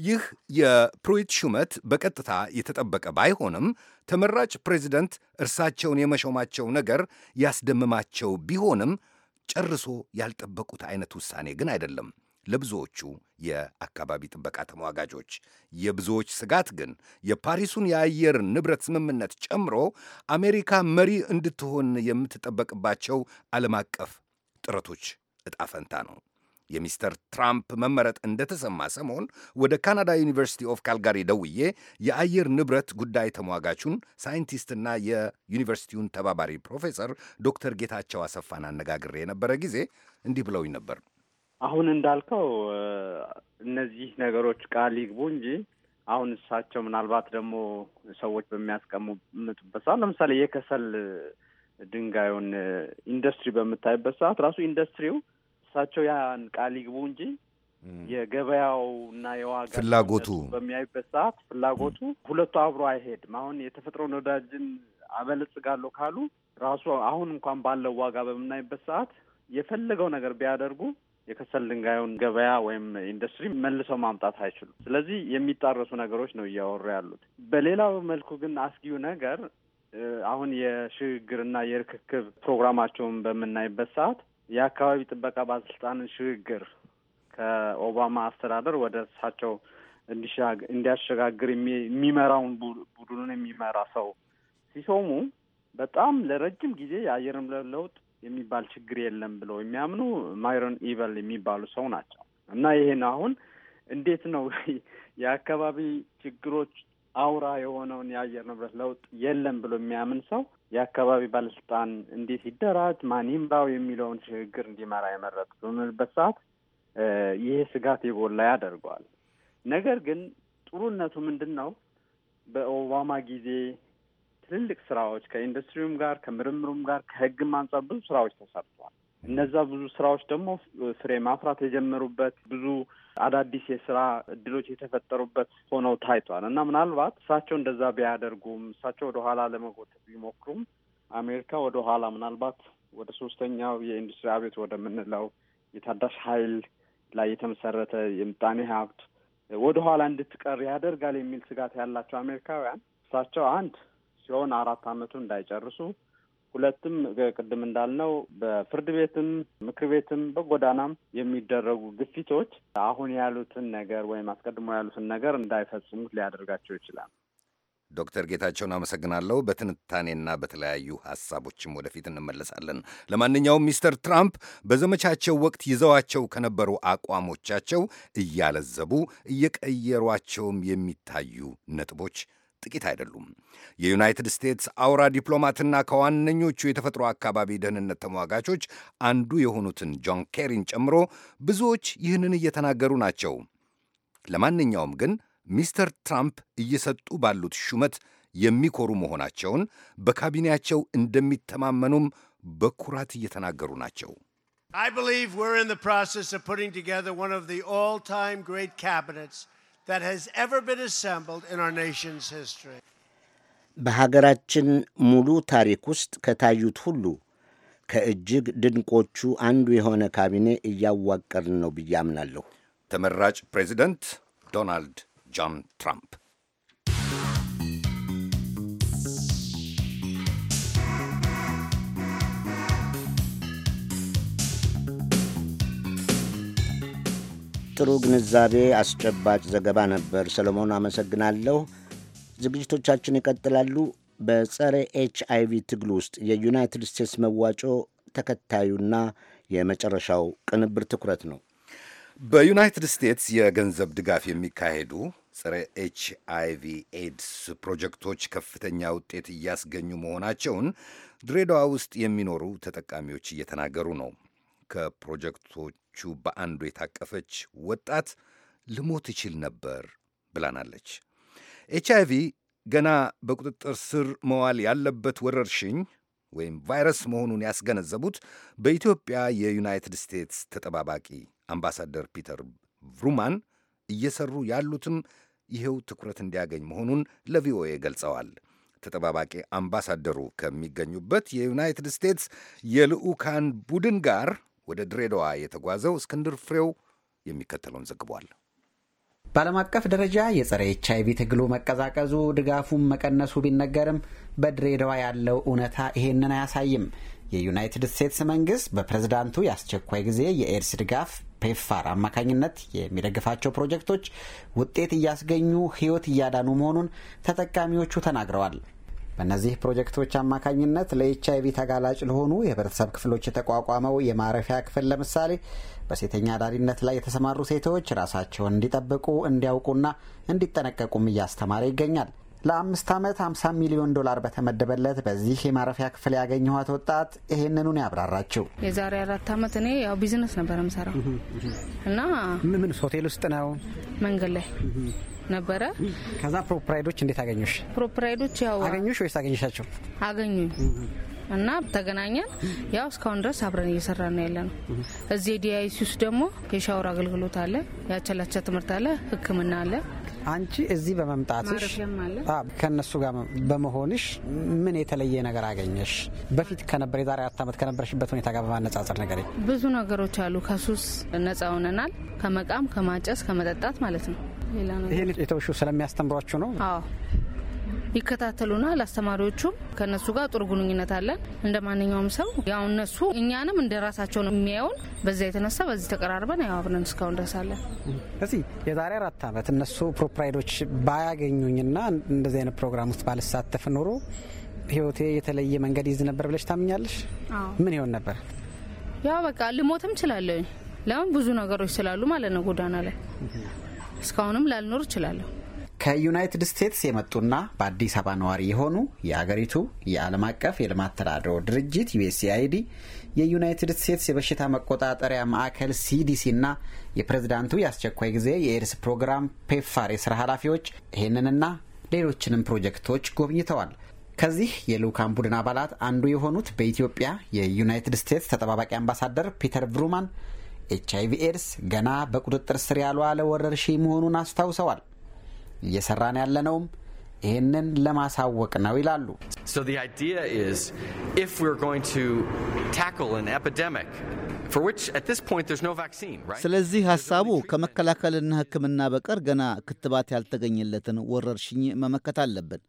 ይህ የፕሩዊት ሹመት በቀጥታ የተጠበቀ ባይሆንም ተመራጭ ፕሬዚደንት እርሳቸውን የመሾማቸው ነገር ያስደምማቸው ቢሆንም ጨርሶ ያልጠበቁት አይነት ውሳኔ ግን አይደለም። ለብዙዎቹ የአካባቢ ጥበቃ ተሟጋጆች። የብዙዎች ስጋት ግን የፓሪሱን የአየር ንብረት ስምምነት ጨምሮ አሜሪካ መሪ እንድትሆን የምትጠበቅባቸው ዓለም አቀፍ ጥረቶች ዕጣ ፈንታ ነው። የሚስተር ትራምፕ መመረጥ እንደተሰማ ሰሞን ወደ ካናዳ ዩኒቨርሲቲ ኦፍ ካልጋሪ ደውዬ የአየር ንብረት ጉዳይ ተሟጋቹን ሳይንቲስትና የዩኒቨርሲቲውን ተባባሪ ፕሮፌሰር ዶክተር ጌታቸው አሰፋን አነጋግሬ የነበረ ጊዜ እንዲህ ብለውኝ ነበር። አሁን እንዳልከው እነዚህ ነገሮች ቃል ይግቡ እንጂ አሁን እሳቸው ምናልባት ደግሞ ሰዎች በሚያስቀምጡበት ሰዓት ለምሳሌ የከሰል ድንጋዩን ኢንዱስትሪ በምታይበት ሰዓት ራሱ ኢንዱስትሪው እሳቸው ያን ቃል ይግቡ እንጂ የገበያው እና የዋጋ ፍላጎቱ በሚያይበት ሰዓት ፍላጎቱ ሁለቱ አብሮ አይሄድም። አሁን የተፈጥሮ ነዳጅን አበለጽጋለሁ ካሉ ራሱ አሁን እንኳን ባለው ዋጋ በምናይበት ሰዓት የፈለገው ነገር ቢያደርጉ የከሰል ድንጋዩን ገበያ ወይም ኢንዱስትሪ መልሰው ማምጣት አይችሉም። ስለዚህ የሚጣረሱ ነገሮች ነው እያወሩ ያሉት። በሌላው መልኩ ግን አስጊው ነገር አሁን የሽግግርና የርክክብ ፕሮግራማቸውን በምናይበት ሰዓት የአካባቢ ጥበቃ ባለስልጣንን ሽግግር ከኦባማ አስተዳደር ወደ እሳቸው እንዲያሸጋግር የሚመራውን ቡድኑን የሚመራ ሰው ሲሶሙ በጣም ለረጅም ጊዜ የአየር ለውጥ የሚባል ችግር የለም ብለው የሚያምኑ ማይሮን ኢቨል የሚባሉ ሰው ናቸው እና ይህን አሁን እንዴት ነው የአካባቢ ችግሮች አውራ የሆነውን የአየር ንብረት ለውጥ የለም ብሎ የሚያምን ሰው የአካባቢ ባለስልጣን እንዴት ይደራጅ፣ ማን ይምራው የሚለውን ሽግግር እንዲመራ የመረጡ በምንበት ሰዓት ይሄ ስጋት የጎላ ያደርገዋል። ነገር ግን ጥሩነቱ ምንድን ነው? በኦባማ ጊዜ ትልልቅ ስራዎች ከኢንዱስትሪውም ጋር ከምርምሩም ጋር ከህግም አንጻር ብዙ ስራዎች ተሰርተዋል። እነዛ ብዙ ስራዎች ደግሞ ፍሬ ማፍራት የጀመሩበት ብዙ አዳዲስ የስራ እድሎች የተፈጠሩበት ሆነው ታይቷል እና ምናልባት እሳቸው እንደዛ ቢያደርጉም እሳቸው ወደኋላ ለመጎተት ቢሞክሩም አሜሪካ ወደኋላ ምናልባት ወደ ሶስተኛው የኢንዱስትሪ አቤት ወደምንለው የታዳሽ ኃይል ላይ የተመሰረተ የምጣኔ ሀብት ወደኋላ እንድትቀር ያደርጋል የሚል ስጋት ያላቸው አሜሪካውያን እሳቸው አንድ ሲሆን አራት አመቱ እንዳይጨርሱ ሁለትም ቅድም እንዳልነው በፍርድ ቤትም ምክር ቤትም በጎዳናም የሚደረጉ ግፊቶች አሁን ያሉትን ነገር ወይም አስቀድሞ ያሉትን ነገር እንዳይፈጽሙት ሊያደርጋቸው ይችላል። ዶክተር ጌታቸውን አመሰግናለሁ። በትንታኔና በተለያዩ ሀሳቦችም ወደፊት እንመለሳለን። ለማንኛውም ሚስተር ትራምፕ በዘመቻቸው ወቅት ይዘዋቸው ከነበሩ አቋሞቻቸው እያለዘቡ እየቀየሯቸውም የሚታዩ ነጥቦች ጥቂት አይደሉም። የዩናይትድ ስቴትስ አውራ ዲፕሎማትና ከዋነኞቹ የተፈጥሮ አካባቢ ደህንነት ተሟጋቾች አንዱ የሆኑትን ጆን ኬሪን ጨምሮ ብዙዎች ይህንን እየተናገሩ ናቸው። ለማንኛውም ግን ሚስተር ትራምፕ እየሰጡ ባሉት ሹመት የሚኮሩ መሆናቸውን በካቢኔያቸው እንደሚተማመኑም በኩራት እየተናገሩ ናቸው። I believe we're in the process of putting together one of the all-time great cabinets that has ever been assembled in our nation's history. በሀገራችን ሙሉ ታሪክ ውስጥ ከታዩት ሁሉ ከእጅግ ድንቆቹ አንዱ የሆነ ካቢኔ እያዋቀርን ነው ብዬ አምናለሁ። ተመራጭ ፕሬዚደንት ዶናልድ ጆን ትራምፕ ጥሩ ግንዛቤ አስጨባጭ ዘገባ ነበር ሰለሞን፣ አመሰግናለሁ። ዝግጅቶቻችን ይቀጥላሉ። በጸረ ኤች አይ ቪ ትግል ውስጥ የዩናይትድ ስቴትስ መዋጮ ተከታዩና የመጨረሻው ቅንብር ትኩረት ነው። በዩናይትድ ስቴትስ የገንዘብ ድጋፍ የሚካሄዱ ጸረ ኤች አይ ቪ ኤድስ ፕሮጀክቶች ከፍተኛ ውጤት እያስገኙ መሆናቸውን ድሬዳዋ ውስጥ የሚኖሩ ተጠቃሚዎች እየተናገሩ ነው። ከፕሮጀክቶቹ በአንዱ የታቀፈች ወጣት ልሞት ይችል ነበር ብላናለች። ኤች አይቪ ገና በቁጥጥር ስር መዋል ያለበት ወረርሽኝ ወይም ቫይረስ መሆኑን ያስገነዘቡት በኢትዮጵያ የዩናይትድ ስቴትስ ተጠባባቂ አምባሳደር ፒተር ቭሩማን እየሰሩ ያሉትም ይኸው ትኩረት እንዲያገኝ መሆኑን ለቪኦኤ ገልጸዋል። ተጠባባቂ አምባሳደሩ ከሚገኙበት የዩናይትድ ስቴትስ የልዑካን ቡድን ጋር ወደ ድሬዳዋ የተጓዘው እስክንድር ፍሬው የሚከተለውን ዘግቧል። በዓለም አቀፍ ደረጃ የጸረ ኤች አይቪ ትግሉ መቀዛቀዙ ድጋፉን መቀነሱ ቢነገርም በድሬዳዋ ያለው እውነታ ይሄንን አያሳይም። የዩናይትድ ስቴትስ መንግስት በፕሬዝዳንቱ የአስቸኳይ ጊዜ የኤድስ ድጋፍ ፔፋር አማካኝነት የሚደግፋቸው ፕሮጀክቶች ውጤት እያስገኙ ሕይወት እያዳኑ መሆኑን ተጠቃሚዎቹ ተናግረዋል። በእነዚህ ፕሮጀክቶች አማካኝነት ለኤች ተጋላጭ ለሆኑ የህብረተሰብ ክፍሎች የተቋቋመው የማረፊያ ክፍል ለምሳሌ በሴተኛ አዳሪነት ላይ የተሰማሩ ሴቶች ራሳቸውን እንዲጠብቁ እንዲያውቁና እንዲጠነቀቁም እያስተማረ ይገኛል። ለአምስት ዓመት 50 ሚሊዮን ዶላር በተመደበለት በዚህ የማረፊያ ክፍል ያገኘኋት ወጣት ይህንኑን ያብራራችው። የዛሬ አራት ዓመት እኔ ያው ቢዝነስ ነበር ምሰራ እና ምን ሆቴል ውስጥ ነው መንገድ ላይ ነበረ። ከዛ ፕሮፕራይዶች እንዴት አገኙሽ? ፕሮፕራይዶች ያው አገኙሽ ወይስ አገኘሻቸው? አገኙኝ እና ተገናኘን። ያው እስካሁን ድረስ አብረን እየሰራ ነው ያለ ነው። እዚህ ዲአይሲ ውስጥ ደግሞ የሻወር አገልግሎት አለ፣ የአቻላቻ ትምህርት አለ፣ ሕክምና አለ አንቺ እዚህ በመምጣትሽ ከእነሱ ጋር በመሆንሽ ምን የተለየ ነገር አገኘሽ? በፊት ከነበር የዛሬ አራት ዓመት ከነበረሽበት ሁኔታ ጋር በማነጻጸር ነገር ብዙ ነገሮች አሉ። ከሱስ ነጻ ሆነናል። ከመቃም፣ ከማጨስ፣ ከመጠጣት ማለት ነው። ይሄን የተውሹ ስለሚያስተምሯችሁ ነው። ይከታተሉናል። አስተማሪዎቹም ከነሱ ጋር ጥሩ ግንኙነት አለን። እንደ ማንኛውም ሰው ያው እነሱ እኛንም እንደ ራሳቸው ነው የሚያየውን። በዚያ የተነሳ በዚህ ተቀራርበን ያው አብረን እስካሁን ደርሳለን። እዚህ የዛሬ አራት አመት እነሱ ፕሮፕራይዶች ባያገኙኝና እንደዚህ አይነት ፕሮግራም ውስጥ ባልሳተፍ ኖሮ ህይወቴ የተለየ መንገድ ይዝ ነበር ብለሽ ታምኛለሽ? ምን ይሆን ነበር? ያው በቃ ልሞትም እችላለሁ። ለምን ብዙ ነገሮች ስላሉ ማለት ነው ጎዳና ላይ እስካሁንም ላልኖር እችላለሁ። ከዩናይትድ ስቴትስ የመጡና በአዲስ አበባ ነዋሪ የሆኑ የአገሪቱ የዓለም አቀፍ የልማት ተዳድሮ ድርጅት ዩኤስኤአይዲ የዩናይትድ ስቴትስ የበሽታ መቆጣጠሪያ ማዕከል ሲዲሲና የፕሬዝዳንቱ የአስቸኳይ ጊዜ የኤድስ ፕሮግራም ፔፋር የስራ ኃላፊዎች ይህንንና ሌሎችንም ፕሮጀክቶች ጎብኝተዋል። ከዚህ የልዑካን ቡድን አባላት አንዱ የሆኑት በኢትዮጵያ የዩናይትድ ስቴትስ ተጠባባቂ አምባሳደር ፒተር ብሩማን ኤች አይቪ ኤድስ ገና በቁጥጥር ስር ያልዋለ ወረርሽኝ መሆኑን አስታውሰዋል። እየሰራን ያለነውም ይህንን ለማሳወቅ ነው ይላሉ። ስለዚህ ሀሳቡ ከመከላከልና ሕክምና በቀር ገና ክትባት ያልተገኘለትን ወረርሽኝ መመከት አለብን።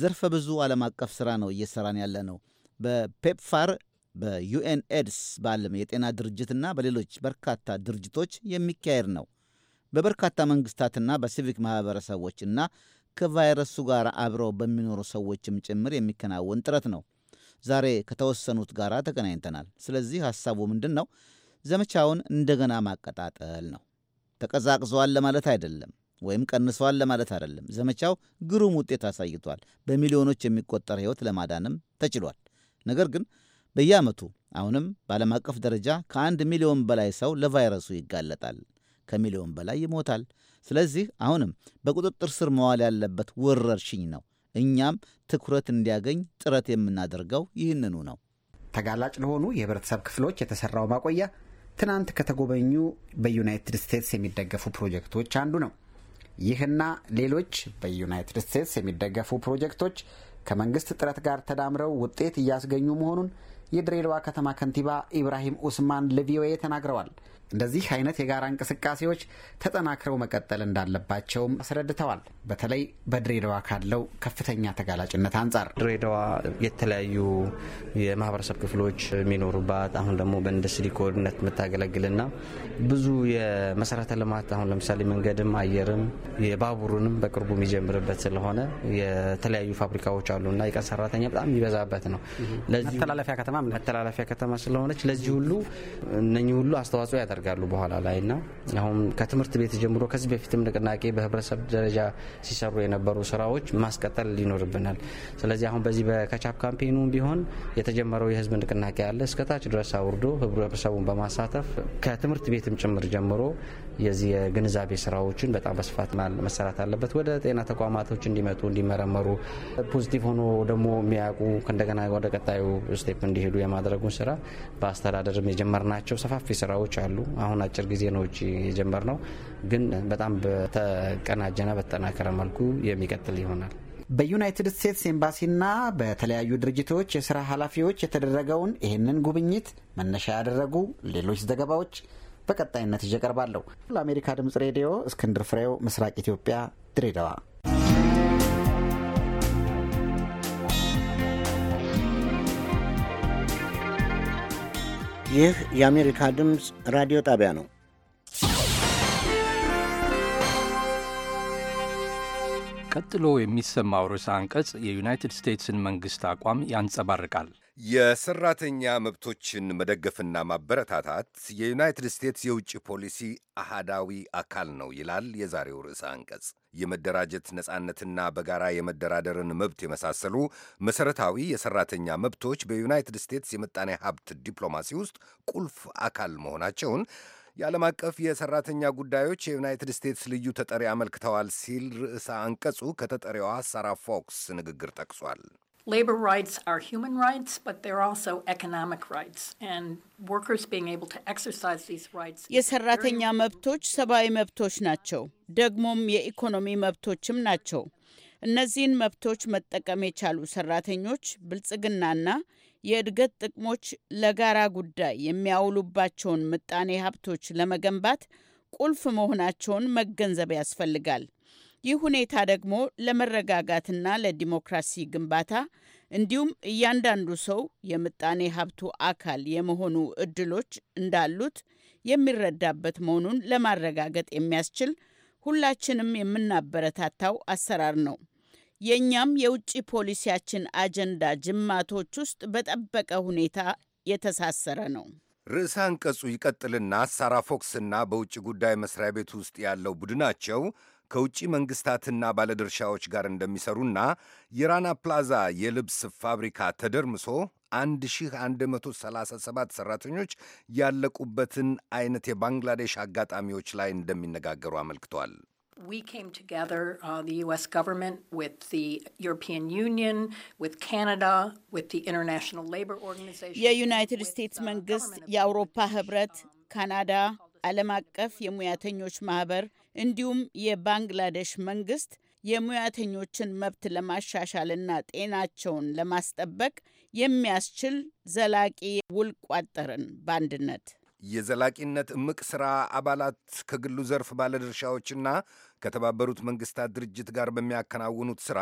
ዘርፈ ብዙ ዓለም አቀፍ ሥራ ነው እየሰራን ያለ ነው። በፔፕፋር በዩኤን ኤድስ በዓለም የጤና ድርጅትና በሌሎች በርካታ ድርጅቶች የሚካሄድ ነው። በበርካታ መንግስታትና በሲቪክ ማኅበረሰቦችና ከቫይረሱ ጋር አብረው በሚኖሩ ሰዎችም ጭምር የሚከናወን ጥረት ነው። ዛሬ ከተወሰኑት ጋር ተገናኝተናል። ስለዚህ ሐሳቡ ምንድን ነው? ዘመቻውን እንደገና ማቀጣጠል ነው። ተቀዛቅዘዋል ለማለት አይደለም፣ ወይም ቀንሰዋል ለማለት አይደለም። ዘመቻው ግሩም ውጤት አሳይቷል። በሚሊዮኖች የሚቆጠር ሕይወት ለማዳንም ተችሏል። ነገር ግን በየዓመቱ አሁንም በዓለም አቀፍ ደረጃ ከአንድ ሚሊዮን በላይ ሰው ለቫይረሱ ይጋለጣል። ከሚሊዮን በላይ ይሞታል። ስለዚህ አሁንም በቁጥጥር ስር መዋል ያለበት ወረርሽኝ ነው። እኛም ትኩረት እንዲያገኝ ጥረት የምናደርገው ይህንኑ ነው። ተጋላጭ ለሆኑ የህብረተሰብ ክፍሎች የተሰራው ማቆያ ትናንት ከተጎበኙ በዩናይትድ ስቴትስ የሚደገፉ ፕሮጀክቶች አንዱ ነው። ይህና ሌሎች በዩናይትድ ስቴትስ የሚደገፉ ፕሮጀክቶች ከመንግስት ጥረት ጋር ተዳምረው ውጤት እያስገኙ መሆኑን የድሬዳዋ ከተማ ከንቲባ ኢብራሂም ኡስማን ለቪኦኤ ተናግረዋል። እንደዚህ አይነት የጋራ እንቅስቃሴዎች ተጠናክረው መቀጠል እንዳለባቸውም አስረድተዋል። በተለይ በድሬዳዋ ካለው ከፍተኛ ተጋላጭነት አንጻር ድሬዳዋ የተለያዩ የማህበረሰብ ክፍሎች የሚኖሩባት አሁን ደግሞ በኢንዱስትሪ ኮድነት የምታገለግልና ብዙ የመሰረተ ልማት አሁን ለምሳሌ መንገድም አየርም የባቡሩንም በቅርቡ የሚጀምርበት ስለሆነ የተለያዩ ፋብሪካዎች አሉና የቀን ሰራተኛ በጣም የሚበዛበት ነው። መተላለፊያ ከተማ መተላለፊያ ከተማ ስለሆነች ለዚህ ሁሉ እነኚህ ሁሉ አስተዋጽኦ ያደርጋል። ያደርጋሉ በኋላ ላይ እና አሁን ከትምህርት ቤት ጀምሮ ከዚህ በፊትም ንቅናቄ በህብረተሰብ ደረጃ ሲሰሩ የነበሩ ስራዎች ማስቀጠል ይኖርብናል። ስለዚህ አሁን በዚህ በከቻፕ ካምፔኑ ቢሆን የተጀመረው የህዝብ ንቅናቄ አለ እስከታች ድረስ አውርዶ ህብረተሰቡን በማሳተፍ ከትምህርት ቤትም ጭምር ጀምሮ የዚህ የግንዛቤ ስራዎችን በጣም በስፋት መሰራት አለበት። ወደ ጤና ተቋማቶች እንዲመጡ እንዲመረመሩ፣ ፖዚቲቭ ሆኖ ደግሞ የሚያውቁ እንደገና ወደ ቀጣዩ ስቴፕ እንዲሄዱ የማድረጉን ስራ በአስተዳደርም የጀመርናቸው ሰፋፊ ስራዎች አሉ። አሁን አጭር ጊዜ ነው የጀመርነው፣ ግን በጣም በተቀናጀና በተጠናከረ መልኩ የሚቀጥል ይሆናል። በዩናይትድ ስቴትስ ኤምባሲና በተለያዩ ድርጅቶች የስራ ኃላፊዎች የተደረገውን ይህንን ጉብኝት መነሻ ያደረጉ ሌሎች ዘገባዎች በቀጣይነት ይዤ ለአሜሪካ ድምጽ ሬዲዮ እስክንድር ፍሬው፣ ምስራቅ ኢትዮጵያ፣ ድሬዳዋ። ይህ የአሜሪካ ድምፅ ራዲዮ ጣቢያ ነው። ቀጥሎ የሚሰማው ርዕሰ አንቀጽ የዩናይትድ ስቴትስን መንግሥት አቋም ያንጸባርቃል። የሰራተኛ መብቶችን መደገፍና ማበረታታት የዩናይትድ ስቴትስ የውጭ ፖሊሲ አሃዳዊ አካል ነው ይላል የዛሬው ርዕሰ አንቀጽ። የመደራጀት ነጻነትና በጋራ የመደራደርን መብት የመሳሰሉ መሰረታዊ የሰራተኛ መብቶች በዩናይትድ ስቴትስ የምጣኔ ሀብት ዲፕሎማሲ ውስጥ ቁልፍ አካል መሆናቸውን የዓለም አቀፍ የሰራተኛ ጉዳዮች የዩናይትድ ስቴትስ ልዩ ተጠሪ አመልክተዋል ሲል ርዕሰ አንቀጹ ከተጠሪዋ ሳራ ፎክስ ንግግር ጠቅሷል። labor rights are human rights, but they're also economic rights. And workers being able to exercise these rights. የሰራተኛ መብቶች ሰብአዊ መብቶች ናቸው፣ ደግሞም የኢኮኖሚ መብቶችም ናቸው። እነዚህን መብቶች መጠቀም የቻሉ ሰራተኞች ብልጽግናና የእድገት ጥቅሞች ለጋራ ጉዳይ የሚያውሉባቸውን ምጣኔ ሀብቶች ለመገንባት ቁልፍ መሆናቸውን መገንዘብ ያስፈልጋል። ይህ ሁኔታ ደግሞ ለመረጋጋትና ለዲሞክራሲ ግንባታ እንዲሁም እያንዳንዱ ሰው የምጣኔ ሀብቱ አካል የመሆኑ እድሎች እንዳሉት የሚረዳበት መሆኑን ለማረጋገጥ የሚያስችል ሁላችንም የምናበረታታው አሰራር ነው። የእኛም የውጭ ፖሊሲያችን አጀንዳ ጅማቶች ውስጥ በጠበቀ ሁኔታ የተሳሰረ ነው። ርዕሰ አንቀጹ ይቀጥልና ሳራ ፎክስና በውጭ ጉዳይ መስሪያ ቤት ውስጥ ያለው ቡድናቸው ከውጭ መንግስታትና ባለድርሻዎች ጋር እንደሚሰሩና የራና ፕላዛ የልብስ ፋብሪካ ተደርምሶ 1137 ሰራተኞች ያለቁበትን አይነት የባንግላዴሽ አጋጣሚዎች ላይ እንደሚነጋገሩ አመልክቷል። We came together, uh, the U.S. government, with the European Union, with Canada, with the International Labor Organization. Yeah, United States መንግስት የአውሮፓ ህብረት፣ Canada, ዓለም አቀፍ የሙያተኞች ማህበር እንዲሁም የባንግላዴሽ መንግስት የሙያተኞችን መብት ለማሻሻልና ጤናቸውን ለማስጠበቅ የሚያስችል ዘላቂ ውል ቋጠርን። በአንድነት የዘላቂነት እምቅ ስራ አባላት ከግሉ ዘርፍ ባለድርሻዎችና ከተባበሩት መንግስታት ድርጅት ጋር በሚያከናውኑት ሥራ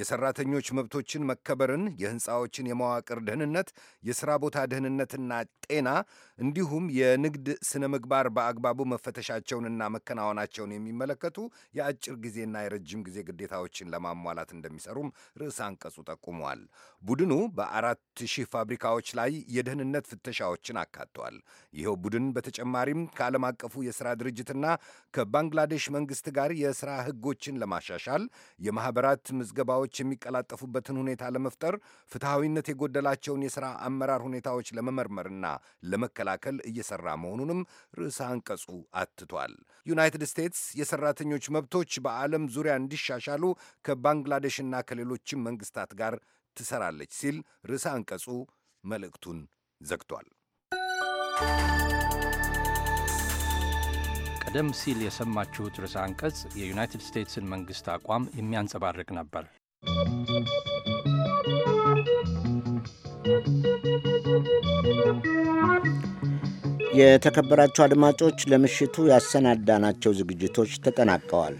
የሠራተኞች መብቶችን መከበርን፣ የሕንፃዎችን የመዋቅር ደህንነት፣ የሥራ ቦታ ደህንነትና ጤና እንዲሁም የንግድ ስነ ምግባር በአግባቡ መፈተሻቸውንና መከናወናቸውን የሚመለከቱ የአጭር ጊዜና የረጅም ጊዜ ግዴታዎችን ለማሟላት እንደሚሰሩም ርዕስ አንቀጹ ጠቁመዋል ቡድኑ በአራት ሺህ ፋብሪካዎች ላይ የደህንነት ፍተሻዎችን አካቷል። ይኸው ቡድን በተጨማሪም ከዓለም አቀፉ የሥራ ድርጅትና ከባንግላዴሽ መንግሥት ጋር የሥራ ሕጎችን ለማሻሻል፣ የማኅበራት ምዝገባዎች የሚቀላጠፉበትን ሁኔታ ለመፍጠር፣ ፍትሐዊነት የጎደላቸውን የሥራ አመራር ሁኔታዎች ለመመርመርና ለመከላከል እየሠራ መሆኑንም ርዕሰ አንቀጹ አትቷል። ዩናይትድ ስቴትስ የሠራተኞች መብቶች በዓለም ዙሪያ እንዲሻሻሉ ከባንግላዴሽና ከሌሎችም መንግሥታት ጋር ትሠራለች ሲል ርዕሰ አንቀጹ መልእክቱን ዘግቷል። ቀደም ሲል የሰማችሁት ርዕሰ አንቀጽ የዩናይትድ ስቴትስን መንግሥት አቋም የሚያንጸባርቅ ነበር። የተከበራቸው አድማጮች ለምሽቱ ያሰናዳናቸው ዝግጅቶች ተጠናቀዋል።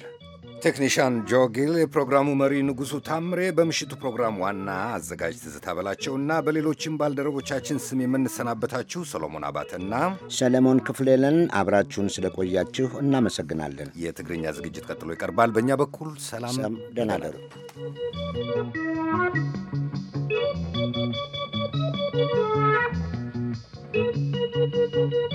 ቴክኒሽያን ጆ ጊል፣ የፕሮግራሙ መሪ ንጉሡ ታምሬ፣ በምሽቱ ፕሮግራም ዋና አዘጋጅ ትዝታ በላቸውና በሌሎችም ባልደረቦቻችን ስም የምንሰናበታችሁ ሰሎሞን አባተና ሰለሞን ክፍሌለን አብራችሁን ስለቆያችሁ እናመሰግናለን። የትግርኛ ዝግጅት ቀጥሎ ይቀርባል። በእኛ በኩል ሰላም፣ ደህና ደሩ። Thank you.